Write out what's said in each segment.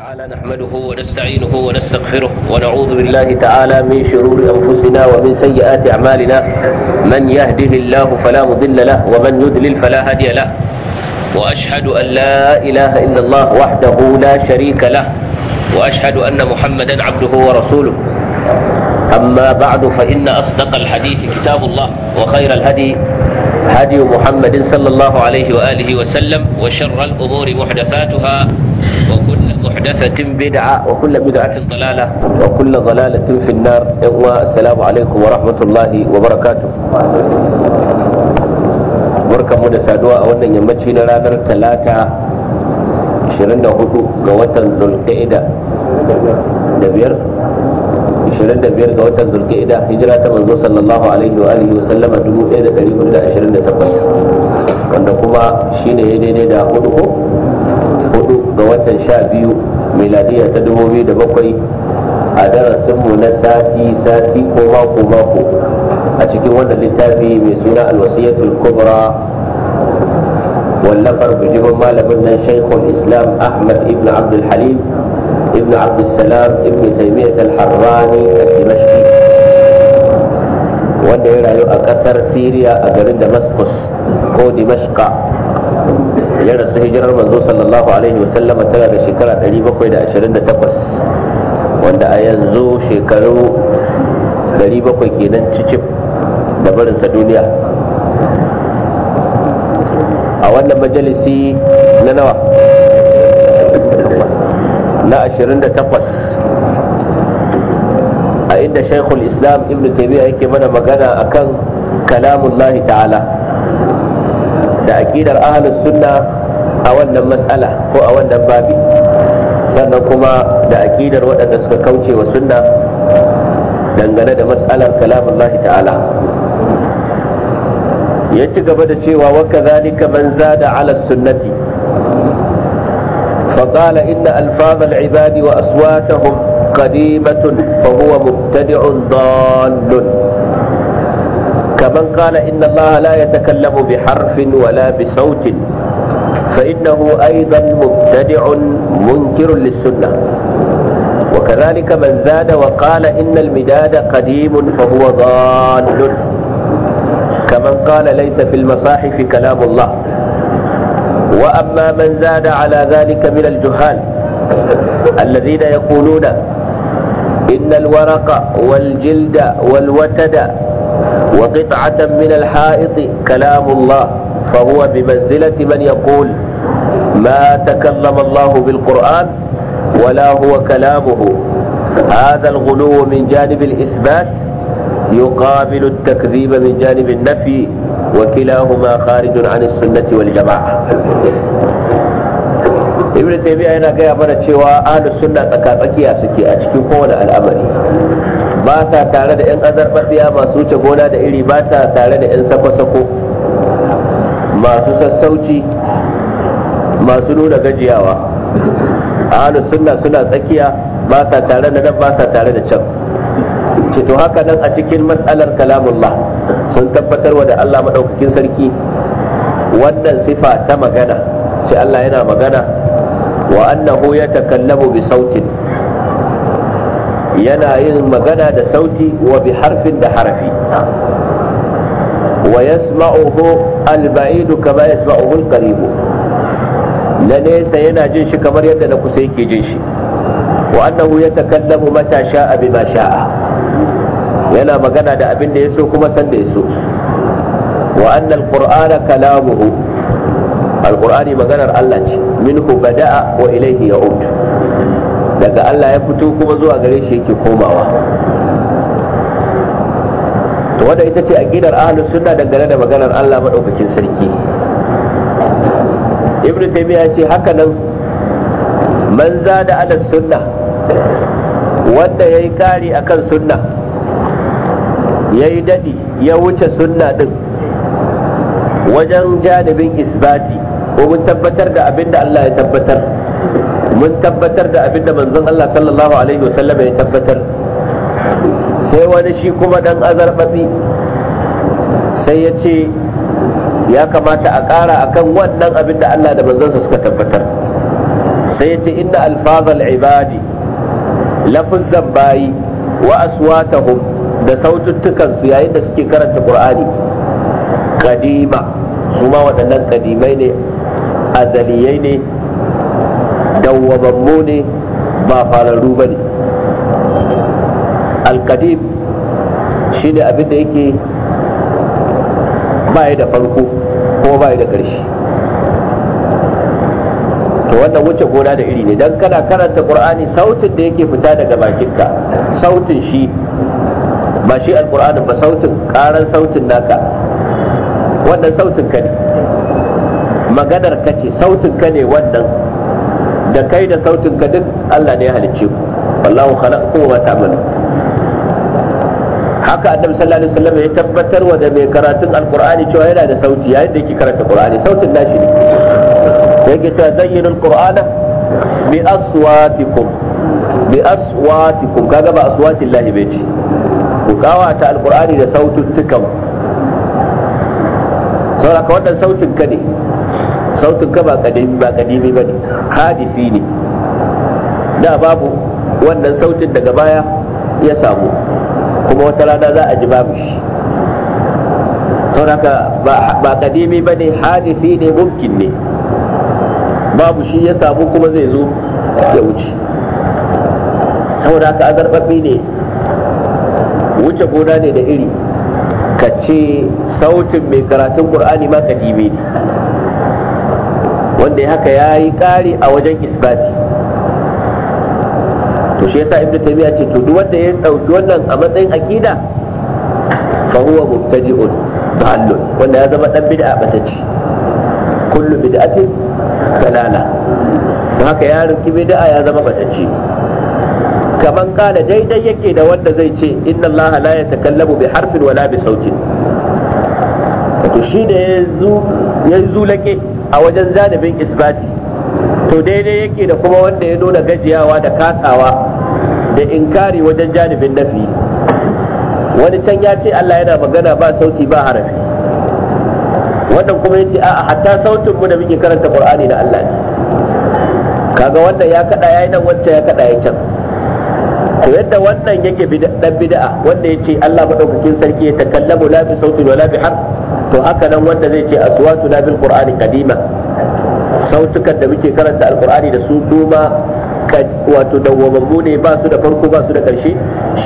تعالى نحمده ونستعينه ونستغفره ونعوذ بالله تعالى من شرور أنفسنا ومن سيئات أعمالنا من يهده الله فلا مضل له ومن يضلل فلا هادي له وأشهد أن لا إله إلا الله وحده لا شريك له وأشهد أن محمدا عبده ورسوله أما بعد فإن أصدق الحديث كتاب الله وخير الهدي هدي محمد صلى الله عليه وآله وسلم وشر الأمور محدثاتها وكل محدثة بدعة وكل بدعة ضلالة وكل ضلالة في النار والسلام عليكم ورحمة الله وبركاته barkanmu da saduwa a wannan yammaci na ranar talata 24 ga watan zulqa'ida da biyar 25 ga watan zulqa'ida hijira ta manzo sallallahu alaihi wa alihi wa sallama 1428 wanda kuma shine daidai da hudu ko hudu ga watan sha biyu miladiya ta dubu biyu da bakwai a darasinmu na sati-sati ko mako-mako a cikin wannan littafi mai suna alwasiyatul kubra wallafar bijimin malamin nan shaikhul islam ahmad ibn abdul halim ibn abdul salam ibn taimiyyat al-harrani a dimashki wanda ya rayu a kasar syria a garin damascus ko dimashka ya rasu hijirar manzo sallallahu alaihi wasallama tana da shekara 728 wanda a yanzu shekaru 700 kenan cicip da barinsa duniya a wannan majalisi na nawa na 28 a inda shaikhul islam ibn taymiyyah yake mana magana akan kalamullahi ta'ala da aƙidar ahlus sunna a wannan mas'ala ko a wannan babi sannan kuma da aƙidar waɗanda suka kauce wa sunna dangane da mas'alar kalamullahi ta'ala ya ci gaba da cewa wa kadhalika man zada ala sunnati فقال إن ألفاظ العباد وأصواتهم قديمة فهو مبتدع ضال كمن قال إن الله لا يتكلم بحرف ولا بصوت فإنه أيضا مبتدع منكر للسنة وكذلك من زاد وقال إن المداد قديم فهو ضال كمن قال ليس في المصاحف كلام الله وأما من زاد على ذلك من الجهال الذين يقولون إن الورق والجلد والوتد وقطعة من الحائط كلام الله فهو بمنزلة من يقول ما تكلم الله بالقرآن ولا هو كلامه هذا الغلو من جانب الإثبات يقابل التكذيب من جانب النفي وكلاهما خارج عن السنة والجماعة ibn taymiya yana gaya mana cewa ahlus sunna tsakatsakiya suke a cikin kowane al'amari ba sa tare da 'yan biya masu wuce gona da iri ba ta tare da 'yan sako-sako masu sassauci masu nuna gajiyawa a sunna suna tsakiya ba sa tare da nan ba sa tare da can ce to haka nan a cikin matsalar kalamullah sun tabbatar wa da allah maɗaukakin sarki wannan sifa ta magana ce allah yana magana wa annahu ya takallabu bi sautin yana yin magana da sauti wa bi harfin da harafi wa yasma'uhu al-ba'idu kama yasma'uhu al-qaribu na nesa yana jin shi kamar yadda na kusa yake jin shi wa annahu yatakallamu mata sha'a bima sha'a yana magana da abin da so kuma san da so. wa anna kalamuhu al maganar Allah ce minhu bada'a wa ilayhi ya'ud daga Allah ya fito kuma zuwa gare shi yake komawa to wanda ita ce aqidar ahlus sunna dangane da maganar Allah madaukakin sarki ibnu taymiya ce haka nan man zada ala sunna wanda yayi kari akan sunna yayi daɗi, ya wuce sunna din wajen janibin isbati ko mun tabbatar da abinda Allah ya tabbatar mun tabbatar da abin da manzon Allah sallallahu alaihi wasallam ya tabbatar sai wani shi kuma dan azarbabi sai ya ce ya kamata a ƙara akan wannan abin da Allah da manzonsa suka tabbatar sai ya ce inna alfazal ibadi lafuz bayi wa aswatahum da saututtukan yayin da suke karanta qur'ani kadima su ma waɗannan kadimai ne azaliyai ne dawwabammu ne ba fararru ba ne alkadim shi ne abin da yake ba da farko ko ba da ƙarshe to wannan wuce gona da iri ne don kana karanta ƙur'ani sautin da yake fita daga bakinka sautin shi ba shi alƙur'anin ba sautin ƙaran sautin naka wannan sautin ka ne maganar ka ce sautin ka ne wannan da kai da sautin ka duk Allah ne ya halicce ku wallahu khalaqakum wa ta'malu haka annabi sallallahu alaihi wasallam ya tabbatar wa da mai karatun alqur'ani cewa yana da sauti yayin da yake karanta qur'ani sautin nashi ne yake ta zayyinul qur'ana bi aswatikum bi aswatikum kaga ba lahi bai ce ku kawata alqur'ani da saututtukan saboda ka wannan sautin ka ne sautin ka ba kadimi ba ne hadisi ne da babu wannan sautin daga baya ya samu kuma wata rana za a ji babu shi sauraka ba kadimi ba ne hadisi ne mumkin ne babu shi ya samu kuma zai zo ya wuce sauraka azarbabbi ne wuce gona ne da iri ka ce sautin mai karatun ƙur'ani ma kadimi ne wanda ya haka ya yi ƙari a wajen isbati to shi yasa ibnu taymiya ce to duk wanda ya ɗauki wannan a matsayin aqida fa huwa mubtadi'un dallun wanda ya zama dan bid'a batacci kullu bid'atin dalala to haka ya rinki bid'a ya zama batacci kaman kala daidai yake da wanda zai ce inna allaha la yatakallamu bi harfin wala bi sautin to shi da ya zulake a wajen zanibin isbati to daidai yake da kuma wanda ya nuna gajiyawa da kasawa da inkari wajen janibin nafi wani can ya ce Allah yana magana ba sauti ba harafi wannan kuma ya ce a'a hatta sautin mu da muke karanta Qur'ani na Allah ne kaga wannan ya kada yayi nan wancan ya kada yayi can to yadda wannan yake dan bid'a wanda ya ce Allah madaukakin sarki ya takallamu la bi sautin wala bi harf to haka nan wanda zai ce aswatu na bil qur'ani kadima sautukan da muke karanta alqur'ani da su kuma wato dawwamammu ne ba su da farko ba su da karshe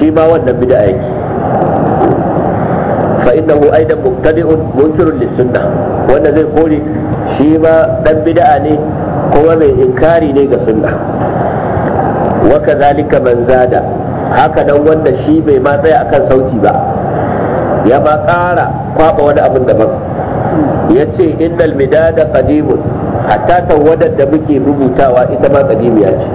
shi ma wannan bid'a yake fa innahu aidan mubtadi'un munkirun lis-sunnah wanda zai kore shi ma dan bid'a ne kuma mai inkari ne ga sunna wa kadhalika man zada haka dan wanda shi bai ma tsaya akan sauti ba ya ba kara. kwaba wani abin daban ya ce innal midada qadimun hatta tawadar da muke rubutawa ita ma qadimiya ce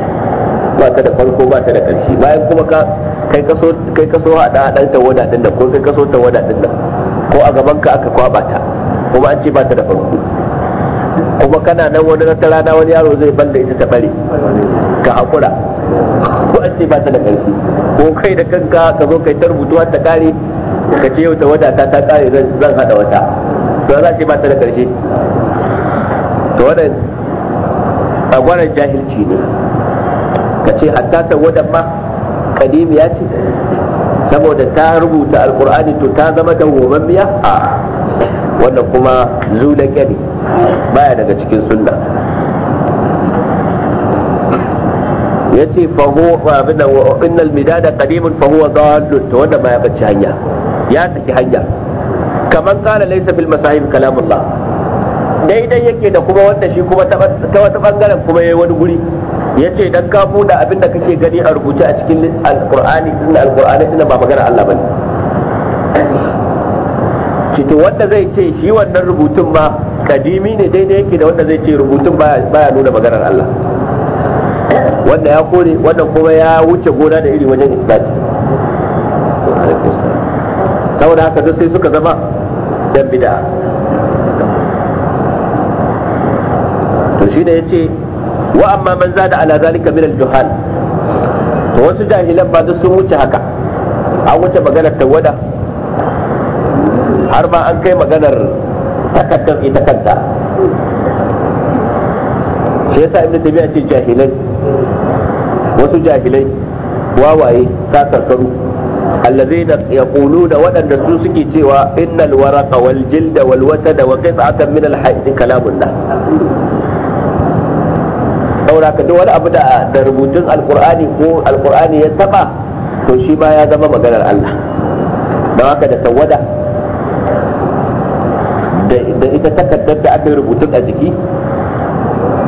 ba ta da farko ba ta da ƙarshe bayan kuma ka kai kaso kai kaso hada hadan tawada din da ko kai kaso tawada din da ko a gaban ka aka kwaba ta kuma an ce ba ta da farko kuma kana nan wani na rana wani yaro zai balle ita ta bare ka hakura ko an ce ba ta da ƙarshe ko kai da kanka ka zo kai ta rubutuwa ta kare ka ce yau ta wata ta ta kare zan hada wata to za ce ba ta da karshe to wannan tsagwaron jahilci ne ka ce hatta ta wadan ma kadimiya ce saboda ta rubuta alkur'ani to ta zama da miya a wannan kuma zulake ne baya daga cikin sunna ya ce faho abin da innal midada qadimun fa huwa to wanda baya bacci hanya ya saki hanya kamar kala laisa fil masahib kalamullah daidai yake da kuma wanda shi kuma ta wata bangaren kuma yayi wani guri yace dan ka buɗe abinda kake gani a rubuce a cikin alqur'ani din alqur'ani din ba magana Allah bane cito wanda zai ce shi wannan rubutun ma kadimi ne daidai yake da wanda zai ce rubutun baya nuna maganar Allah wanda ya kore wannan kuma ya wuce gona da iri wajen isbat saboda haka duk sai suka zama dan bid'a to ya yace wa amma man zada ala zalika min al-juhal to wasu jahilan ba duk sun wuce haka an wuce maganar tawada har ma an kai maganar takaddar ita kanta shi yasa ibnu tabi'a ce jahilai wasu jahilai wawaye sakarkaru allazina yaquluna waɗanda su suke cewa innal waraqa wal jilda wal da da rubutun alqur'ani ya taba ya zama maganar da ita takaddar da aka yi rubutun a jiki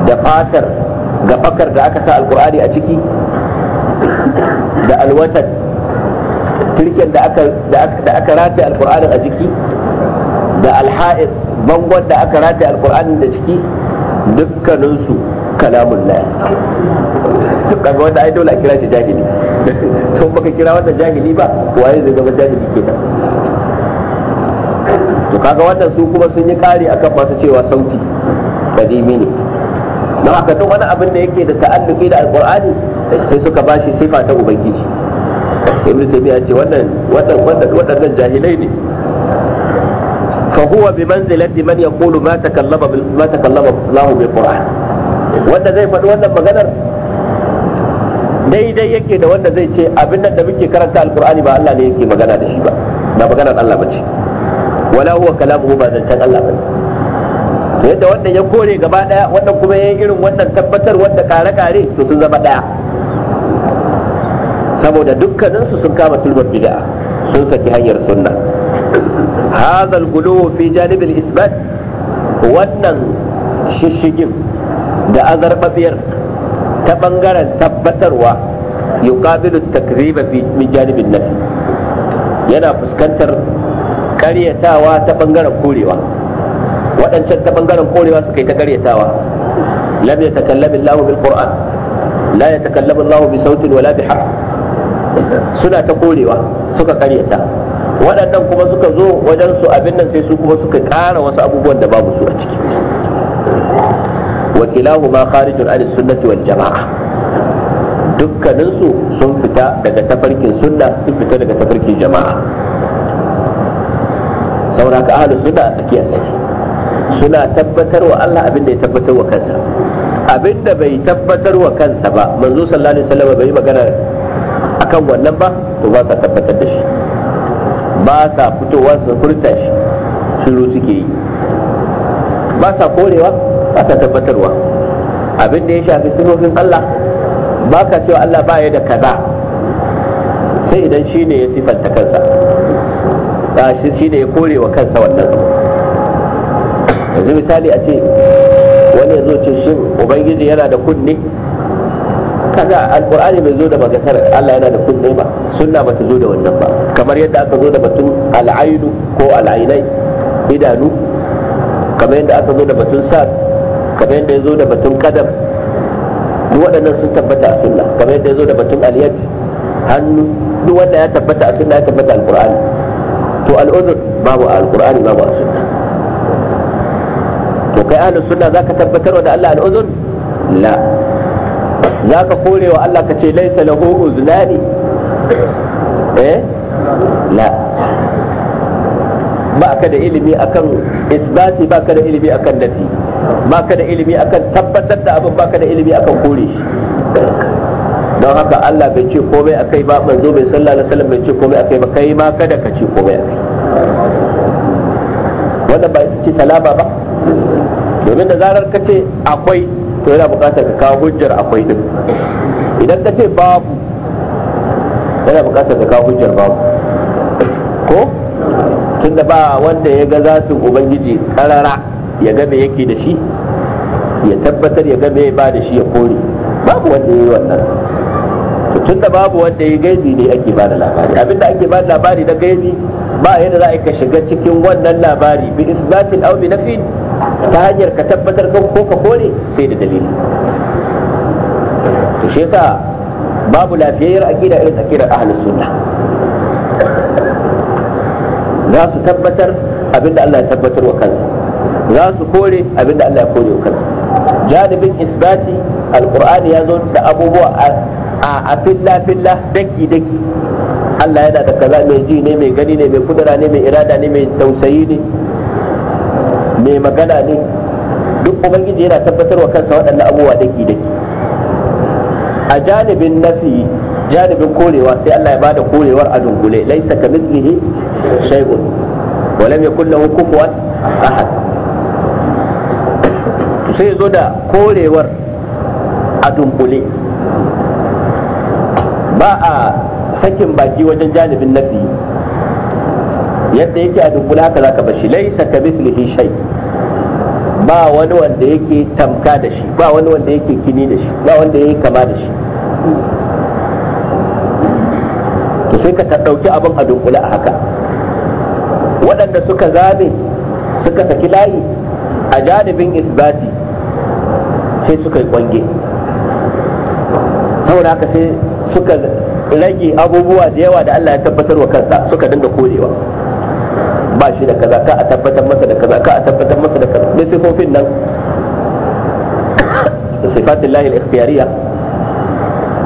da fatar gafakar da aka sa alkur'ani a ciki da alwatan firken da aka da aka rataye alqur'anin a jiki da alha'id bangon da aka rataye alqur'anin da ciki dukkaninsu su kalamun lahi kaga wanda ai dole a kira shi jahili to baka kira wanda jahili ba waye zai zama jahili ke kenan to kaga wannan su kuma sun yi kari akan masu cewa sauti kadimi ne don haka duk wani abin da yake da ta'alluki da alqur'ani sai suka bashi sifa ta ubangiji ibn taymiya ce wannan waɗannan jahilai ne fa huwa bi manzilati man yaqulu ma takallama ma takallama lahu bi Qur'an wanda zai faɗi wannan maganar daidai yake da wanda zai ce abin da muke karanta alqur'ani ba Allah ne yake magana da shi ba ba maganar Allah bace wala huwa kalamuhu ba zancen Allah bane yadda wannan ya kore gaba daya wannan kuma yayin irin wannan tabbatar wanda kare kare to sun zama daya saboda dukkaninsu sun kama turbar bid'a sun saki hanyar sunna hadha al-gulu fi janib al wannan shishigin da azarbabiyar ta bangaren tabbatarwa yuqabilu takziba fi min janibin nafi yana fuskantar karyatawa ta bangaren korewa waɗancan ta bangaren korewa suka yi ta karyatawa lam yatakallam Allahu bil Qur'an la yatakallamu Allahu bi sautin wala bi harf suna ta korewa suka karyata waɗannan kuma suka zo wajen su abin nan sai su kuma suka ƙara wasu abubuwan da babu su a ciki wakilahu ma kharijun an sunnati wal jama'a dukkaninsu sun fita daga tafarkin sunna sun fita daga tafarkin jama'a saboda haka ahlus sunna a tsakiya suna tabbatar wa Allah abin da ya tabbatar wa kansa abin da bai tabbatar wa kansa ba manzo sallallahu alaihi wasallam bai magana akan wannan ba to ba sa tabbatar da shi ba sa fitowa su furta shi shiru suke yi ba sa korewa ba sa tabbatarwa abin da ya shafi sunofin Allah ba ka cewa Allah ba ya da kaza sai idan shi ne ya sifanta kansa ba shi ne ya korewa kansa wannan yanzu misali a ce wani ya zo ce shi ubangiji yana da kunne kaga alkur'ani bai zo da magatar Allah yana da kunne ba sunna ba ta zo da wannan ba kamar yadda aka zo da batun al'ainu ko al'ainai idanu kamar yadda aka zo da batun sa'ad kamar yadda ya zo da batun kadam duk waɗannan sun tabbata a sunna kamar yadda ya zo da batun aliyat hannu duk wanda ya tabbata a sunna ya tabbata alkur'ani to al'udhur babu alkur'ani babu a sunna to kai ahlus sunna zaka tabbatar da Allah al'udhur la za ka kore wa Allah ka ce laisa lahu uznani eh la ba ka da ilimi akan isbati ba ka da ilimi akan nafi ba ka da ilimi akan tabbatar da abin ba ka da ilimi akan kore shi don haka Allah bai ce komai akai ba manzo bai sallallahu alaihi wasallam bai ce komai akai ba kai ma kada ka ce komai akai wannan ba ita ce salama ba domin da zarar ka ce akwai to yana bukatar ka kawo hujjar akwai din idan ka ce babu yana bukatar ka kawo hujjar babu ko tunda ba wanda ya ga zatin ubangiji karara ya ga me yake da shi ya tabbatar ya ga me ba da shi ya kore babu wanda ya yi wannan tunda babu wanda ya gaibi ne ake ba da labari abinda ake ba da labari na gaibi ba yadda za a ka shiga cikin wannan labari bi isbatin au bi nafin ta hanyar ka tabbatar ko ka kore sai da dalili to shi yasa babu lafiyayyar aqida irin aqidar ahlus sunna za su tabbatar abinda Allah ya tabbatar wa kansa za su kore abinda Allah ya kore wa kansa janibin isbati alqur'ani ya zo da abubuwa a filla filla daki daki Allah yana da kaza mai ji ne mai gani ne mai kudura ne mai irada ne mai tausayi ne mai magana ne duk ubangiji yana tabbatar wa kansa waɗannan abubuwa daki daki a janibin nafi janibin korewa sai Allah ya bada korewar a dungule laisa ka mislihi shay'un wa lam yakul lahu kufuwan ahad to sai zo da korewar a dungule ba a sakin baki wajen janibin nafi yadda yake a dungule haka zaka bashi laisa ka mislihi shay'un ba wani wanda yake tamka da shi ba wani wanda yake kini da shi ba wanda yake kama da shi to sai ka ɗauki abin a dunkule a haka waɗanda suka zabe suka saki layi a janibin isbati sai suka yi kwange saboda haka sai suka rage abubuwa da yawa da Allah ya tabbatar wa kansa suka dinga kodewa. ba shi da kaza ka a tabbatar masa da kaza ka a tabbatar masa da kaza da sifofin nan sifatin lahil ikhtiyariya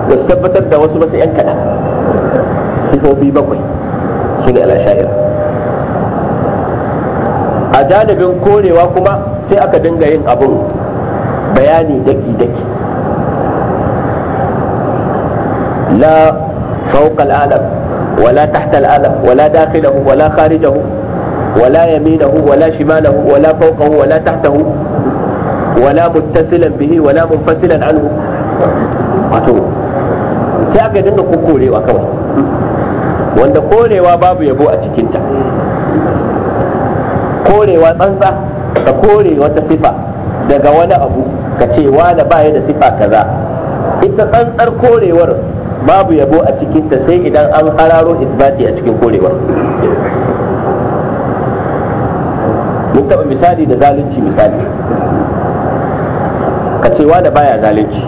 da su tabbatar da wasu masu yan kaɗan sifofi bakwai su ne alashaira a janibin korewa kuma sai aka dinga yin abun bayani daki-daki لا فوق العالم ولا تحت العالم ولا داخله ولا خارجه wala yaminahu wala shimalahu wala fawqahu wala tahtahu wala muttasilan bihi wala munfasilan anhu wato sai aka dinga kokorewa kawai wanda korewa babu yabo a cikinta korewa tsantsa ka kore wata sifa daga wani abu ka ce wani baya da sifa kaza ita tsantsar korewar babu yabo a cikinta sai idan an hararo isbati a cikin korewar mun taɓa misali da zalunci misali ka ce wa da baya zalunci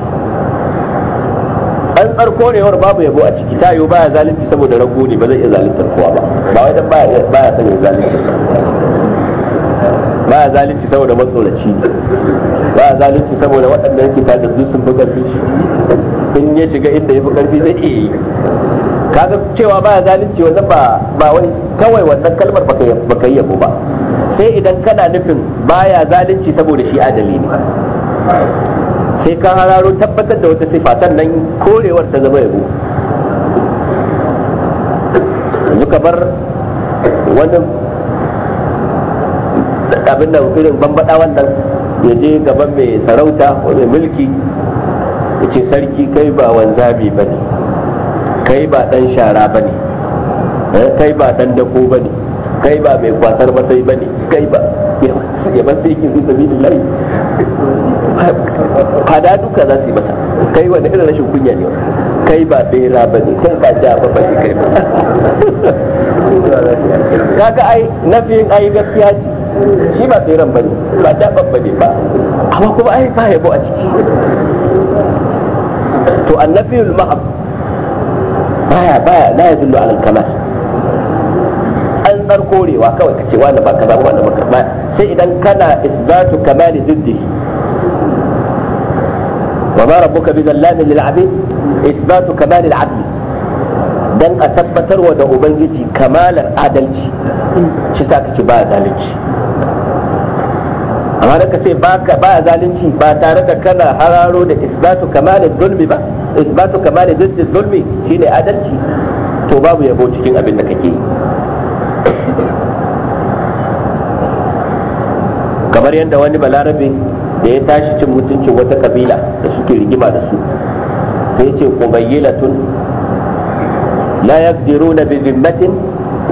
tsantsar korewar babu yabo a ciki ta tayo baya zalunci saboda rago ne ba zai iya zaluntar kowa ba ba wai dan baya baya son yin zalunci baya zalunci saboda matsoraci ne baya zalunci saboda waɗanda yake ta da sun fi ƙarfi in ya shiga inda ya fi ƙarfi zai iya yi kaga cewa baya zalunci wannan ba ba wai kawai wannan kalmar baka yabo ba sai idan kana nufin baya zalunci saboda shi adali ne sai ka hararo tabbatar da wata sifa sannan korewar ta zama yabo muka bar wani abin da irin bambada wannan ya je gaban mai sarauta ko mai mulki ya ce sarki kai ba wanzami ba ne kai ba dan shara ba ne eh, kai ba dan dako ba ne kai ba mai kwasar masai ba ne gaiba ya ba sai yake fi sabilillahi fada duka za su yi masa kai wani irin rashin kunya ne kai ba bera ba ne kai ba ja ba ne kai ba kaga ai nafiyin ai gaskiya ce shi ba beran ba ne ba ja ba ne ba amma kuma ai ba yabo a ciki to annafiyul ma'ab baya baya la yadullu ala al-kamal matukar korewa kawai ka ce wani ba ka zama wani ba sai idan kana isbatu kamali diddihi wa ma rabbuka bi zallami lil abid isbatu kamali al adl dan a tabbatarwa da ubangiji kamalar adalci shi sa ka ce ba zalunci amma da ce ba ba zalunci ba tare da kana hararo da isbatu kamalin zulmi ba isbatu kamalin diddi zulmi shine adalci to babu yabo cikin abin da kake yi kamar yadda wani balarabe da ya tashi cin mutuncin wata kabila da suke rigima da su sai ce qubaylatun la na bi zimmatin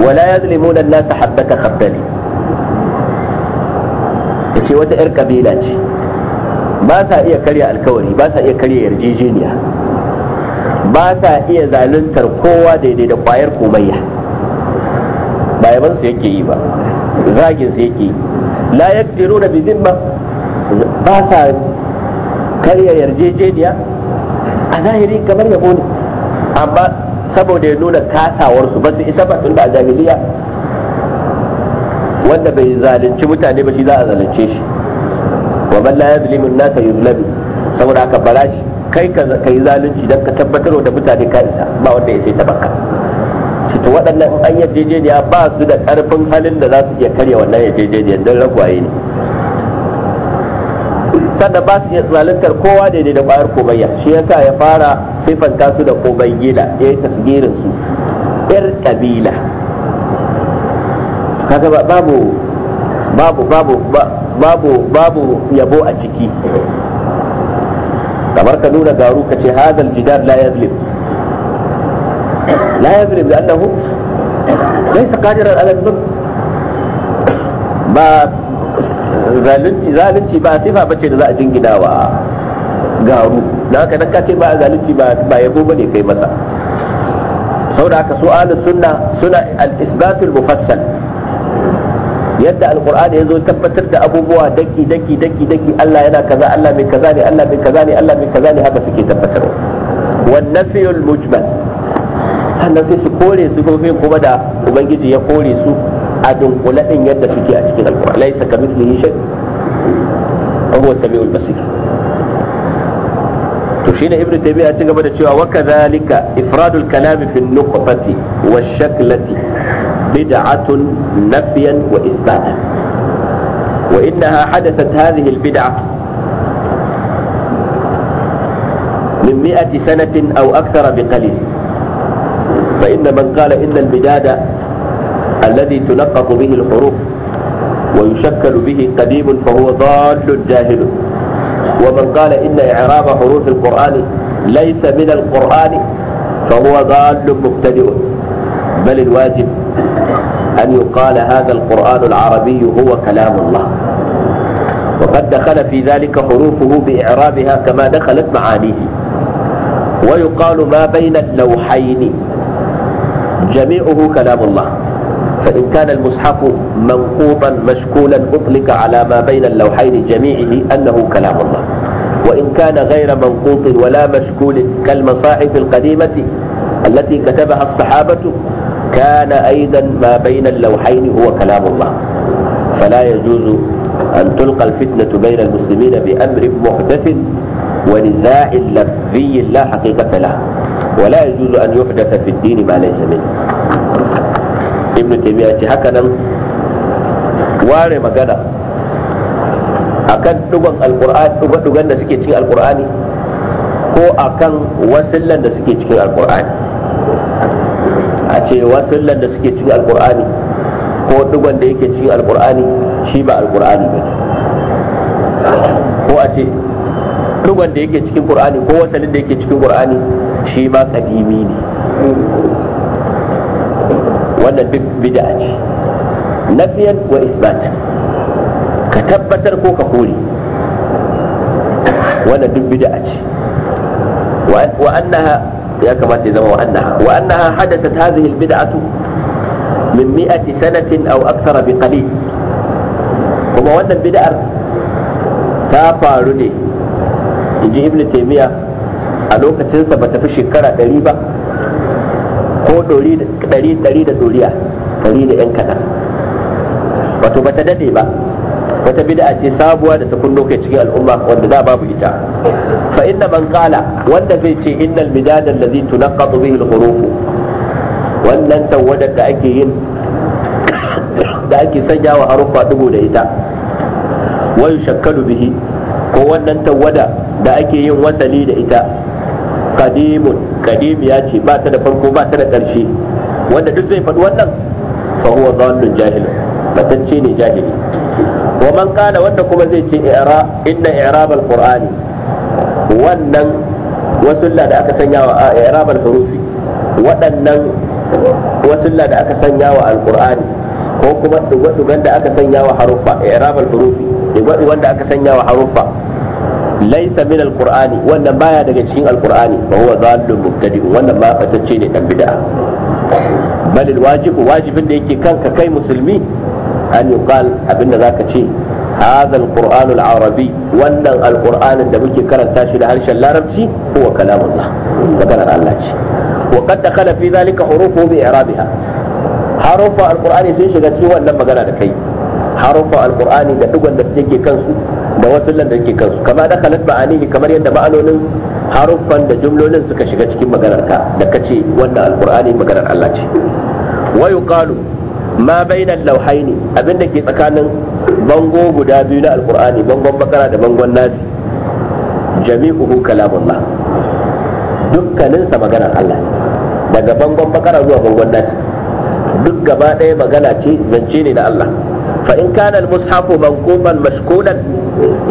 wa la yadlimuna na nasa habbata Ya ce wata yar kabila ce ba sa iya karya alkawari ba sa iya karya yarjejeniya ba sa iya zaluntar kowa daidai da kwayar komayya ba yabansu yake yi ba zagin su yake yi la tiro da bizin ba sa karya yarjejeniya a zahiri kamar yabo ne amma saboda ya nuna kasawarsu ba su isa ba tun da jahiliya wanda bai zalunci mutane ba shi za a zalunce shi wa man la yuzlimun nasa yuzlamu saboda haka shi kai ka yi zalunci don ka tabbatar da mutane ka isa ba wanda ya sai ta baka to waɗannan in an yarjejeniya ba su da ƙarfin halin da za su iya karya wannan yarjejeniyar don ragwaye ne sannan ba su iya tsalantar kowa daidai da ƙwayar komayya shi yasa ya fara siffanta su da komayyila ya yi tasgirin su ƙabila kaga babu babu babu babu babu yabo a ciki kamar ka nuna garu ka ce hadal jidar la yazlim لا يضرب لأنه ليس قادرا على الضرب ba zalunci zalunci ba sifa bace da za a jingina wa garu da haka nan kace ba zalunci ba ba yabo bane kai masa saboda haka su ahlus sunna suna al-isbatul mufassal yadda ya zo tabbatar da abubuwa daki daki daki daki Allah yana kaza Allah mai kaza ne Allah mai kaza ne Allah mai kaza ne haka suke tabbatarwa wan nafiyul mujmal sa'annan sai su kore su kuma kuma da ubangiji ya kore su a dunkule din yadda suke a cikin alkur'ani laisa ka mislihi shay wa huwa samiul basir to shine ibnu taymiya ci gaba da cewa wa kadhalika ifradul kalam fi nuqtati wa shaklati bid'atun nafyan wa isbatan wa innaha hadathat hadhihi al bid'ah من مئة سنة أو أكثر بقليل فإن من قال إن المداد الذي تلقط به الحروف ويشكل به قديم فهو ضال جاهل ومن قال إن إعراب حروف القرآن ليس من القرآن فهو ضال مبتدئ بل الواجب أن يقال هذا القرآن العربي هو كلام الله وقد دخل في ذلك حروفه بإعرابها كما دخلت معانيه ويقال ما بين اللوحين جميعه كلام الله فإن كان المصحف منقوطا مشكولا أطلق على ما بين اللوحين جميعه أنه كلام الله وإن كان غير منقوط ولا مشكول كالمصاحف القديمة التي كتبها الصحابة كان أيضا ما بين اللوحين هو كلام الله فلا يجوز أن تلقى الفتنة بين المسلمين بأمر محدث ونزاع لفظي لا حقيقة له wala yajuzu an yuhdatha fi ad-din ma laysa min ibnu taymiya ce haka ware magana akan dugan alqur'ani dugan da suke cikin alqur'ani ko akan wasillan da suke cikin alqur'ani a ce wasillan da suke cikin alqur'ani ko dugan da yake cikin alqur'ani shi ba alqur'ani ba ko a ce dugan da yake cikin qur'ani ko wasalin da yake cikin qur'ani shi ma kadimi ne wannan duk bid'a ce nafiyan wa isbatan ka tabbatar ko ka kore wannan duk bid'a ce wa annaha ya kamata ya zama wa annaha wa annaha hadathat hadhihi albid'atu min mi'ati sanatin aw akthara bi qalil kuma wannan bid'ar ta faru ne In inji ibnu taymiya a lokacinsa ba ta fi shekara ɗari ba ko ɗari da doriya ɗari da yan kaɗan wato ba ta daɗe ba wata bid'a ce sabuwa da ta kunno kai cikin al'umma wanda da babu ita fa inna man qala wanda zai ce innal midad allazi tunqatu bihi al-huruf wannan tawadar da ake yin da ake sanya wa haruffa dubu da ita wa yushakkalu bihi ko wannan tawada da ake yin wasali da ita qadimun qadim ya ce ba ta da farko ba ta da ƙarshe wanda duk zai faɗi wannan fa huwa dhallun jahilun ce ne jahili wa man kana wanda kuma zai ce i'ra inna i'rab alqur'ani wannan wasulla da aka sanya wa i'rab alhurufi hurufi waɗannan wasulla da aka sanya wa alqur'ani ko kuma duk wanda aka sanya wa harufa i'rab alhurufi duk wanda aka sanya wa harufa laisa min alqur'ani wannan baya daga cikin alqur'ani fa huwa dhallun mubtadi wannan ba fatacce ne dan bid'a bal alwajibu wajibin da yake kanka kai musulmi an yuqal abinda zaka ce هذا القرآن العربي وأن القرآن النبي كرن تاشي لهرش اللاربشي هو كلام الله وكان الله وقد دخل في ذلك حروفه بإعرابها حروف القرآن سيشي قد شوى لما قال لكي حروف da قد تقول نسلكي كنسو da wasu da ke kansu kama da khalat ma'anihi kamar yadda ma'anonin haruffan da jumlolin suka shiga cikin maganar ka da ce wannan alkur'ani maganar Allah ce wa yuqalu ma bainal lawhaini abinda ke tsakanin bango guda biyu na alkur'ani bangon bakara da bangon nasi jami'uhu kalamullah dukkanin sa maganar Allah daga bangon bakara zuwa bangon nasi duk gaba ɗaya magana ce zance ne na Allah fa in kana al-mushafu manquban mashkulan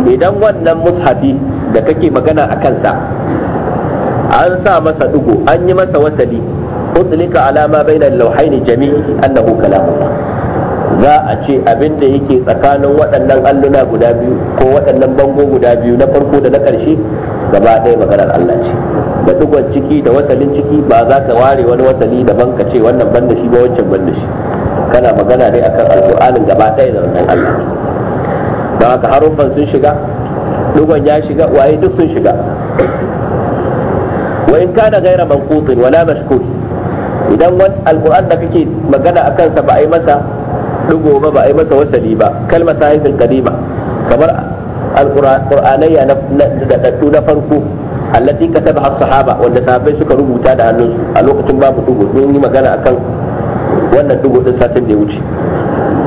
idan wannan mushafi da kake magana a kansa an sa masa dugo an yi masa wasali utlika alama bainal lawhaini jami'i annahu kalamullah za a ce abin da yake tsakanin waɗannan alluna guda biyu ko waɗannan bango guda biyu na farko da na ƙarshe gaba ɗaya maganar Allah ce da dugon ciki da wasalin ciki ba za ka ware wani wasali daban ka ce wannan ban da shi ba wancan ban da shi kana magana ne akan alƙur'anin gaba ɗaya da wannan Allah don haka haruffan sun shiga dugon ya shiga waye duk sun shiga wa in kana gaira manqutin wala mashkur idan wani alƙur'an da kake magana akan sa ba a yi masa dugo ba ba a yi masa wasali ba kalma sahifin kadima kamar alƙur'anayya da daddu na farko allati kataba as-sahaba wanda sahabbai suka rubuta da hannunsu a lokacin babu dugo mun yi magana akan wannan dubu din satin da ya wuce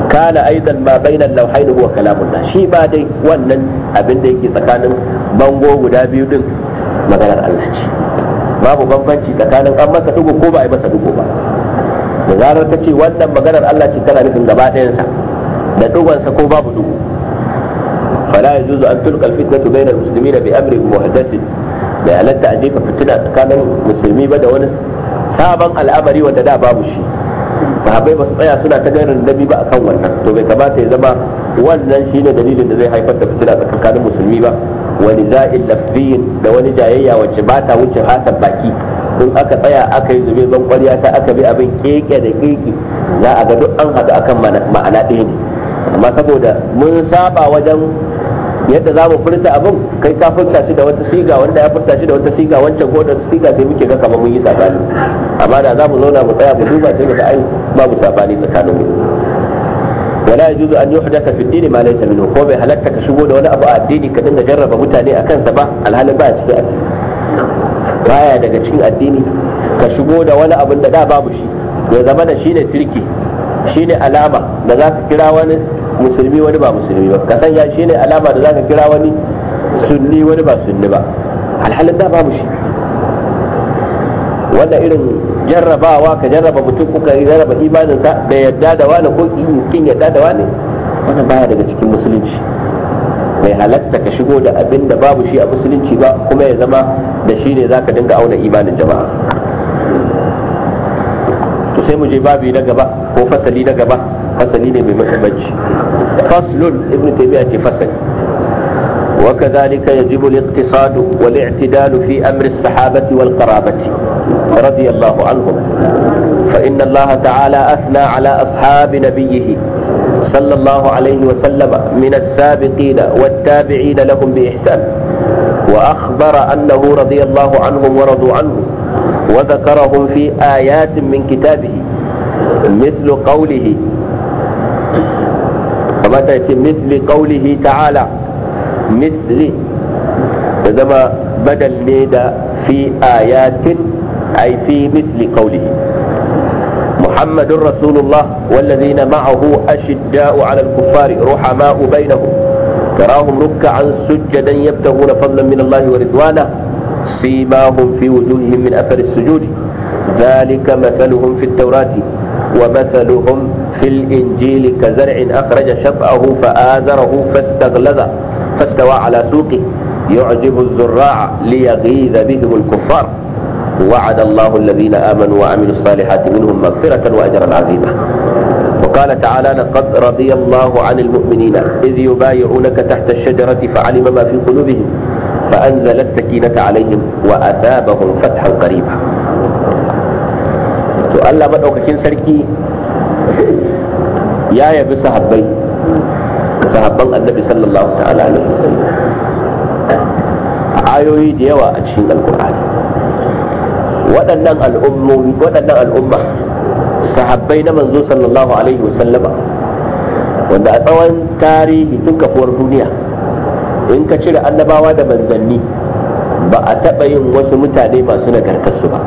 kana aidan ma bainan lawhayn huwa kalamun na? shi ba dai wannan abin da yake tsakanin bango guda biyu din maganar Allah ce babu bambanci tsakanin an masa dubu ko ba a yi masa dubu ba da zarar ka ce wannan maganar Allah ce tana nufin gaba ɗayansa da dugonsa ko babu dugo فلا يجوز أن تلقى الفتنة da المسلمين بأمر محدث bai halatta a jefa fitina tsakanin musulmi ba da wani sabon al'amari wanda da babu shi sahabai ba su tsaya suna ta garin nabi ba akan wannan to bai kamata ya zama wannan shine dalilin da zai haifar da fitina tsakanin musulmi ba wani za'in lafiyin da wani jayayya wacce ba ta wuce hatar baki in aka tsaya aka yi zube zan kwariya ta aka bi abin keke da keke za a ga duk an haɗu akan ma'ana ɗaya ne amma saboda mun saba wajen yadda za mu furta abin kai ka furta shi da wata siga wanda ya furta shi da wata siga wancan ko da siga sai muke ga kamar mun yi sabani amma da za mu zauna mu tsaya mu duba sai mu ga ai babu sabani tsakanin mu ولا يجوز an yuhdaka fi dini ma laysa minhu ko bai halatta ka shigo da wani abu a addini ka dinga jarraba mutane a kansa ba alhalin ba a cikin addini baya daga cikin addini ka shigo da wani abin da da babu shi ya zama da shine tirki shine alama da za ka kira wani musulmi wani ba musulmi ba kasan ya shi ne alama da zaka kira wani sunni wani ba sunni ba alhalin da babu shi wanda irin jarrabawa ka jarraba mutum kuka jarraba imaninsa da yadda da wani ko kin yadda da wani wannan baya daga cikin musulunci bai halatta ka shigo da abin da babu shi a musulunci ba kuma ya zama da shi ne zaka dinga auna imanin jama'a to sai mu je babi na gaba ko fasali na gaba fasali ne mai muhimmanci faslun ibn taymiya ce fasali وكذلك يجب الاقتصاد والاعتدال في أمر الصحابة والقرابة رضي الله عنهم فإن الله تعالى أثنى على أصحاب نبيه صلى الله عليه وسلم من السابقين والتابعين لهم بإحسان وأخبر أنه رضي الله عنهم ورضوا عنه وذكرهم في آيات من كتابه مثل قوله kamata ya ce misli qaulihi ta'ala misli da zama badal ne da fi ayatin ay fi misli qaulihi محمد رسول الله والذين معه أشداء على الكفار رحماء بينهم تراهم ركعا سجدا يبتغون فضلا من الله ورضوانه فيما هم في وجوههم من أثر السجود ذلك مثلهم في التوراة ومثلهم في الإنجيل كزرع أخرج شطأه فآزره فاستغلظ فاستوى على سوقه يعجب الزراع ليغيظ بهم الكفار وعد الله الذين آمنوا وعملوا الصالحات منهم مغفرة وأجرا عظيما وقال تعالى لقد رضي الله عن المؤمنين إذ يبايعونك تحت الشجرة فعلم ما في قلوبهم فأنزل السكينة عليهم وأثابهم فتحا قريبا to Allah maɗaukakin sarki ya yabi sahabbai sahabban annabi sallallahu ta'ala alaihi wasallam a ayoyi da yawa a cikin alkur'ani waɗannan al'ummomi waɗannan al'umma sahabbai na manzo sallallahu alaihi wasallama wanda a tsawon tarihi tun kafuwar duniya in ka cire annabawa da manzanni ba a taɓa yin wasu mutane masu nagartarsu ba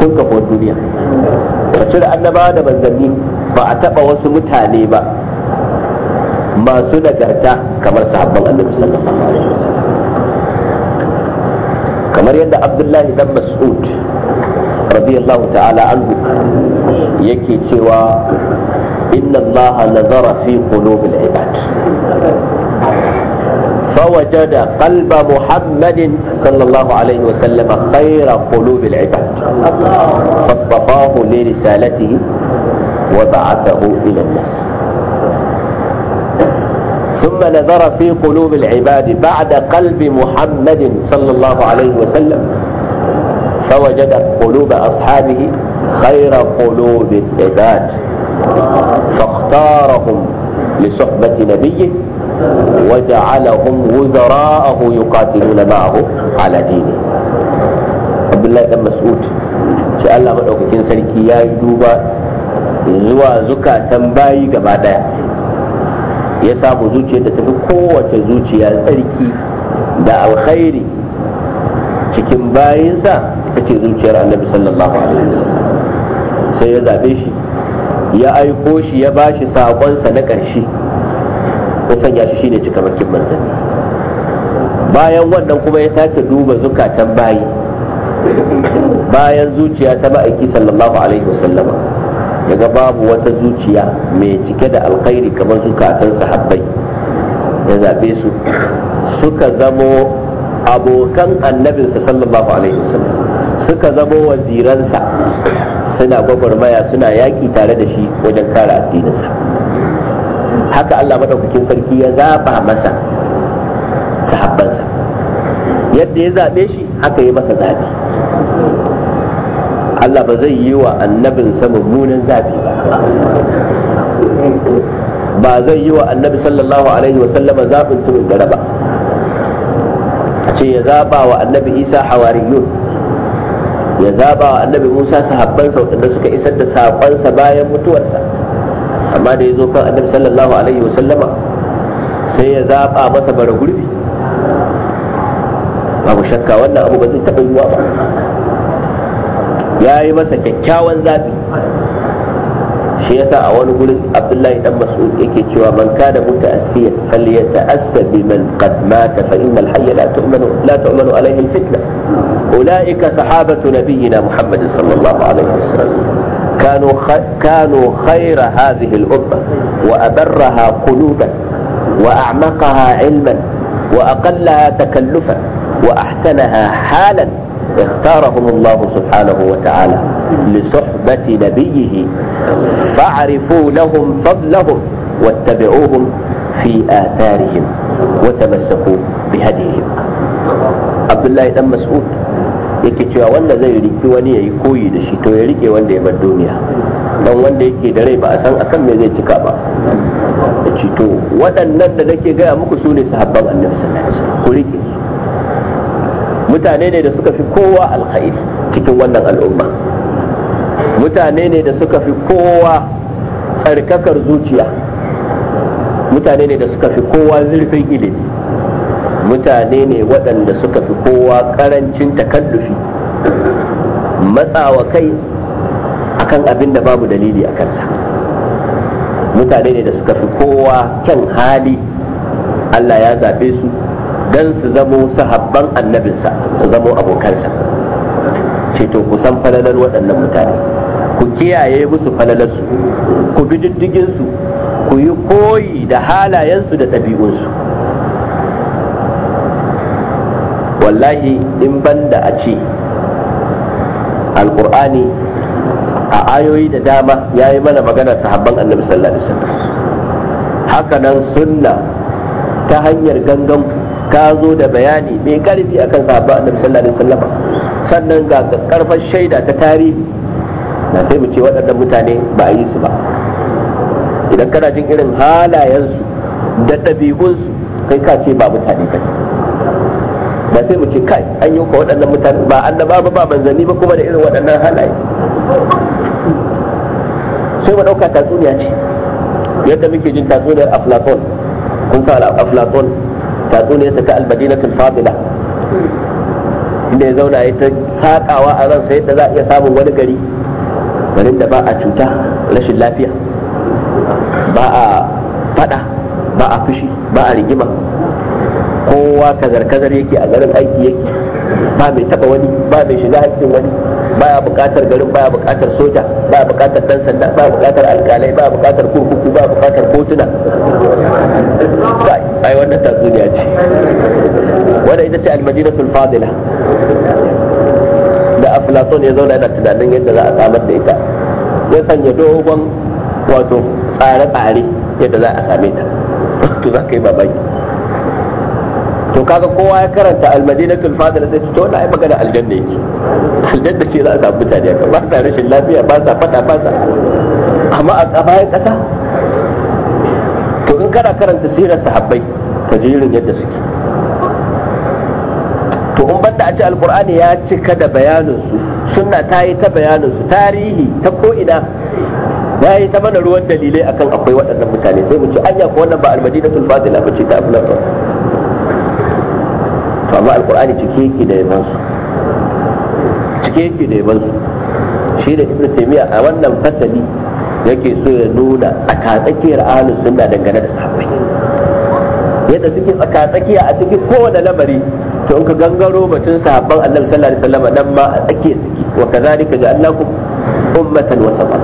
tun kafuwar duniya ka cire annabawa da manzanni ba a taba wasu mutane ba masu nagarta kamar sahabban annabi sallallahu alaihi wasallam kamar yadda abdullahi dan mas'ud radiyallahu ta'ala anhu yake cewa inna Allah nazara fi qulubil ibad فوجد قلب محمد صلى الله عليه وسلم خير قلوب العباد فاصطفاه لرسالته وبعثه إلى الناس ثم نظر في قلوب العباد بعد قلب محمد صلى الله عليه وسلم فوجد قلوب أصحابه خير قلوب العباد فاختارهم لصحبة نبيه وجعلهم وزراءه يقاتلون معه على دينه عبد الله بن مسعود shi Allah maɗaukakin sarki ya yi duba zuwa zukatan bayi gaba ɗaya ya samu zuciya da tafi kowace zuciya tsarki da alkhairi cikin bayinsa ita ce zuciyar annabi sallallahu alaihi wasallam sai ya zaɓe shi ya aiko shi ya ba shi saƙonsa na ƙarshe ya sanya shi shine cikamakin manzanni bayan wannan kuma ya sake duba zukatan bayi bayan zuciya ta ma'aiki sallallahu alaihi wasallama daga babu wata zuciya mai cike da alkhairi kamar zukatan sahabbai ya zaɓe su suka zamo abokan annabinsa sallallahu alaihi wasallam suka zamo waziransa suna gwagwarmaya suna yaki tare da shi wajen kare addininsa haka allah maɗaukakin sarki ya zaɓa masa sahabbansa yadda ya zaɓe shi haka ya masa zaɓe. Allah ba zai yi wa annabinsa mummunan zabi ba ba zai yi wa annabi sallallahu alaihi wasallama zabin tumin dare ba a ce ya zaba wa annabi isa hawariyun ya zaba wa annabi musa sahabban sahabbansa da suka isar da saƙonsa bayan mutuwarsa amma da ya zo kan annabi sallallahu alaihi wasallama sai ya zaba masa bara gurbi babu shakka wannan abu ba zai taɓa yiwa ba ya yi masa kyakkyawan zaɓi shi yasa a wani gurin abdullahi dan mas'ud yake cewa man kana muta'assiyan falyata'assa biman qad mata fa innal hayya la tu'manu la tu'manu alayhi alfitna ulaika sahabatu nabiyyina muhammad sallallahu alaihi wasallam كانوا كانوا خير هذه الأمة وأبرها قلوبا وأعمقها علما وأقلها تكلفا وأحسنها حالا اختارهم الله سبحانه وتعالى لصحبة نبيه فاعرفوا لهم فضلهم واتبعوهم في آثارهم وتمسكوا بهديهم عبد الله بن مسعود yake cewa wanda zai riki wani ya yi koyi da shi to ya rike wanda ya bar duniya don wanda yake da rai ba a san akan me zai cika ba ya to waɗannan da nake gaya muku su ne sahabban annabi sallallahu alaihi wasallam ku rike su mutane ne da suka fi kowa alkhairi cikin wannan al'umma mutane ne da suka fi kowa tsarkakar zuciya mutane ne da suka fi kowa zurfin ilimi mutane ne waɗanda suka fi kowa ƙarancin takallufi matsawa kai akan abin da babu dalili a kansa mutane ne da suka fi kowa kyan hali allah ya zaɓe su dan su zamo sahabban annabinsa su zamo abokansa ce to ku san falalar waɗannan mutane ku kiyaye musu falalarsu ku bi diddiginsu ku yi koyi da halayensu da ɗabi'unsu wallahi in banda a ce alƙur'ani a ayoyi da dama ya yi mana maganar sahabban annabi sallallahu alaihi wasallam haka nan sunna ta hanyar gangan ka zo da bayani mai karfi akan sahabba annabi sallallahu alaihi wasallam sannan ga karfar shaida ta tarihi na sai mu ce waɗannan mutane ba a yi su ba idan kana jin irin halayensu da ɗabi'unsu kai ka ce ba mutane ba ba sai mu ce kai an yi ka waɗannan mutane ba annaba ba ba manzanni ba kuma da irin waɗannan halaye sai mu ɗauka tatsuniya ce yadda muke jin tatsuniyar aflaton kun sa aflaton ne saka ta almadinatul fadila inda ya zauna ya ta sakawa a ransa yadda za a iya samun wani gari garin da ba a cuta rashin lafiya ba a fada ba a fushi ba a rigima kowa kazar-kazar yake a garin aiki yake ba mai taba wani ba mai shiga hakkin wani baya bukatar garin baya bukatar soja baya bukatar dan sanda baya bukatar alkalai baya bukatar kurkuku baya bukatar kotuna ai wannan tatsuniya ce wadda ita ce al fadila da aflaton ya zauna yana tunanin yadda za a samar da ita ya sanya dogon wato tsare-tsare yadda za a same ta to za ka yi babaki to kaga kowa ya karanta al fadila sai to na yi magana aljanna yake aljanna ce za a samu mutane ba sa rashin lafiya ba sa fada ba sa amma a bayan kasa to in kana karanta sirar sahabbai ka yadda suke to in banda a ce alkur'ani ya cika da bayaninsu sunna ta yi ta bayaninsu tarihi ta ko'ina ya yi ta mana ruwan dalilai akan akwai waɗannan mutane sai mu ce anya ko wannan ba almadinatul fadila ba ce ta abu to amma alkur'ani cike yake da yaban su cike yake da yaban su shi da ibnu taymiya a wannan fasali yake so ya nuna tsaka-tsakiyar ahlus sunna dangane da suke tsaka tsakiya a cikin kowane lamari to in ka gangaro batun sahabban annabi sallallahu alaihi wasallam nan ma a tsakiya suke wa kazalika ja'alnakum ummatan wasata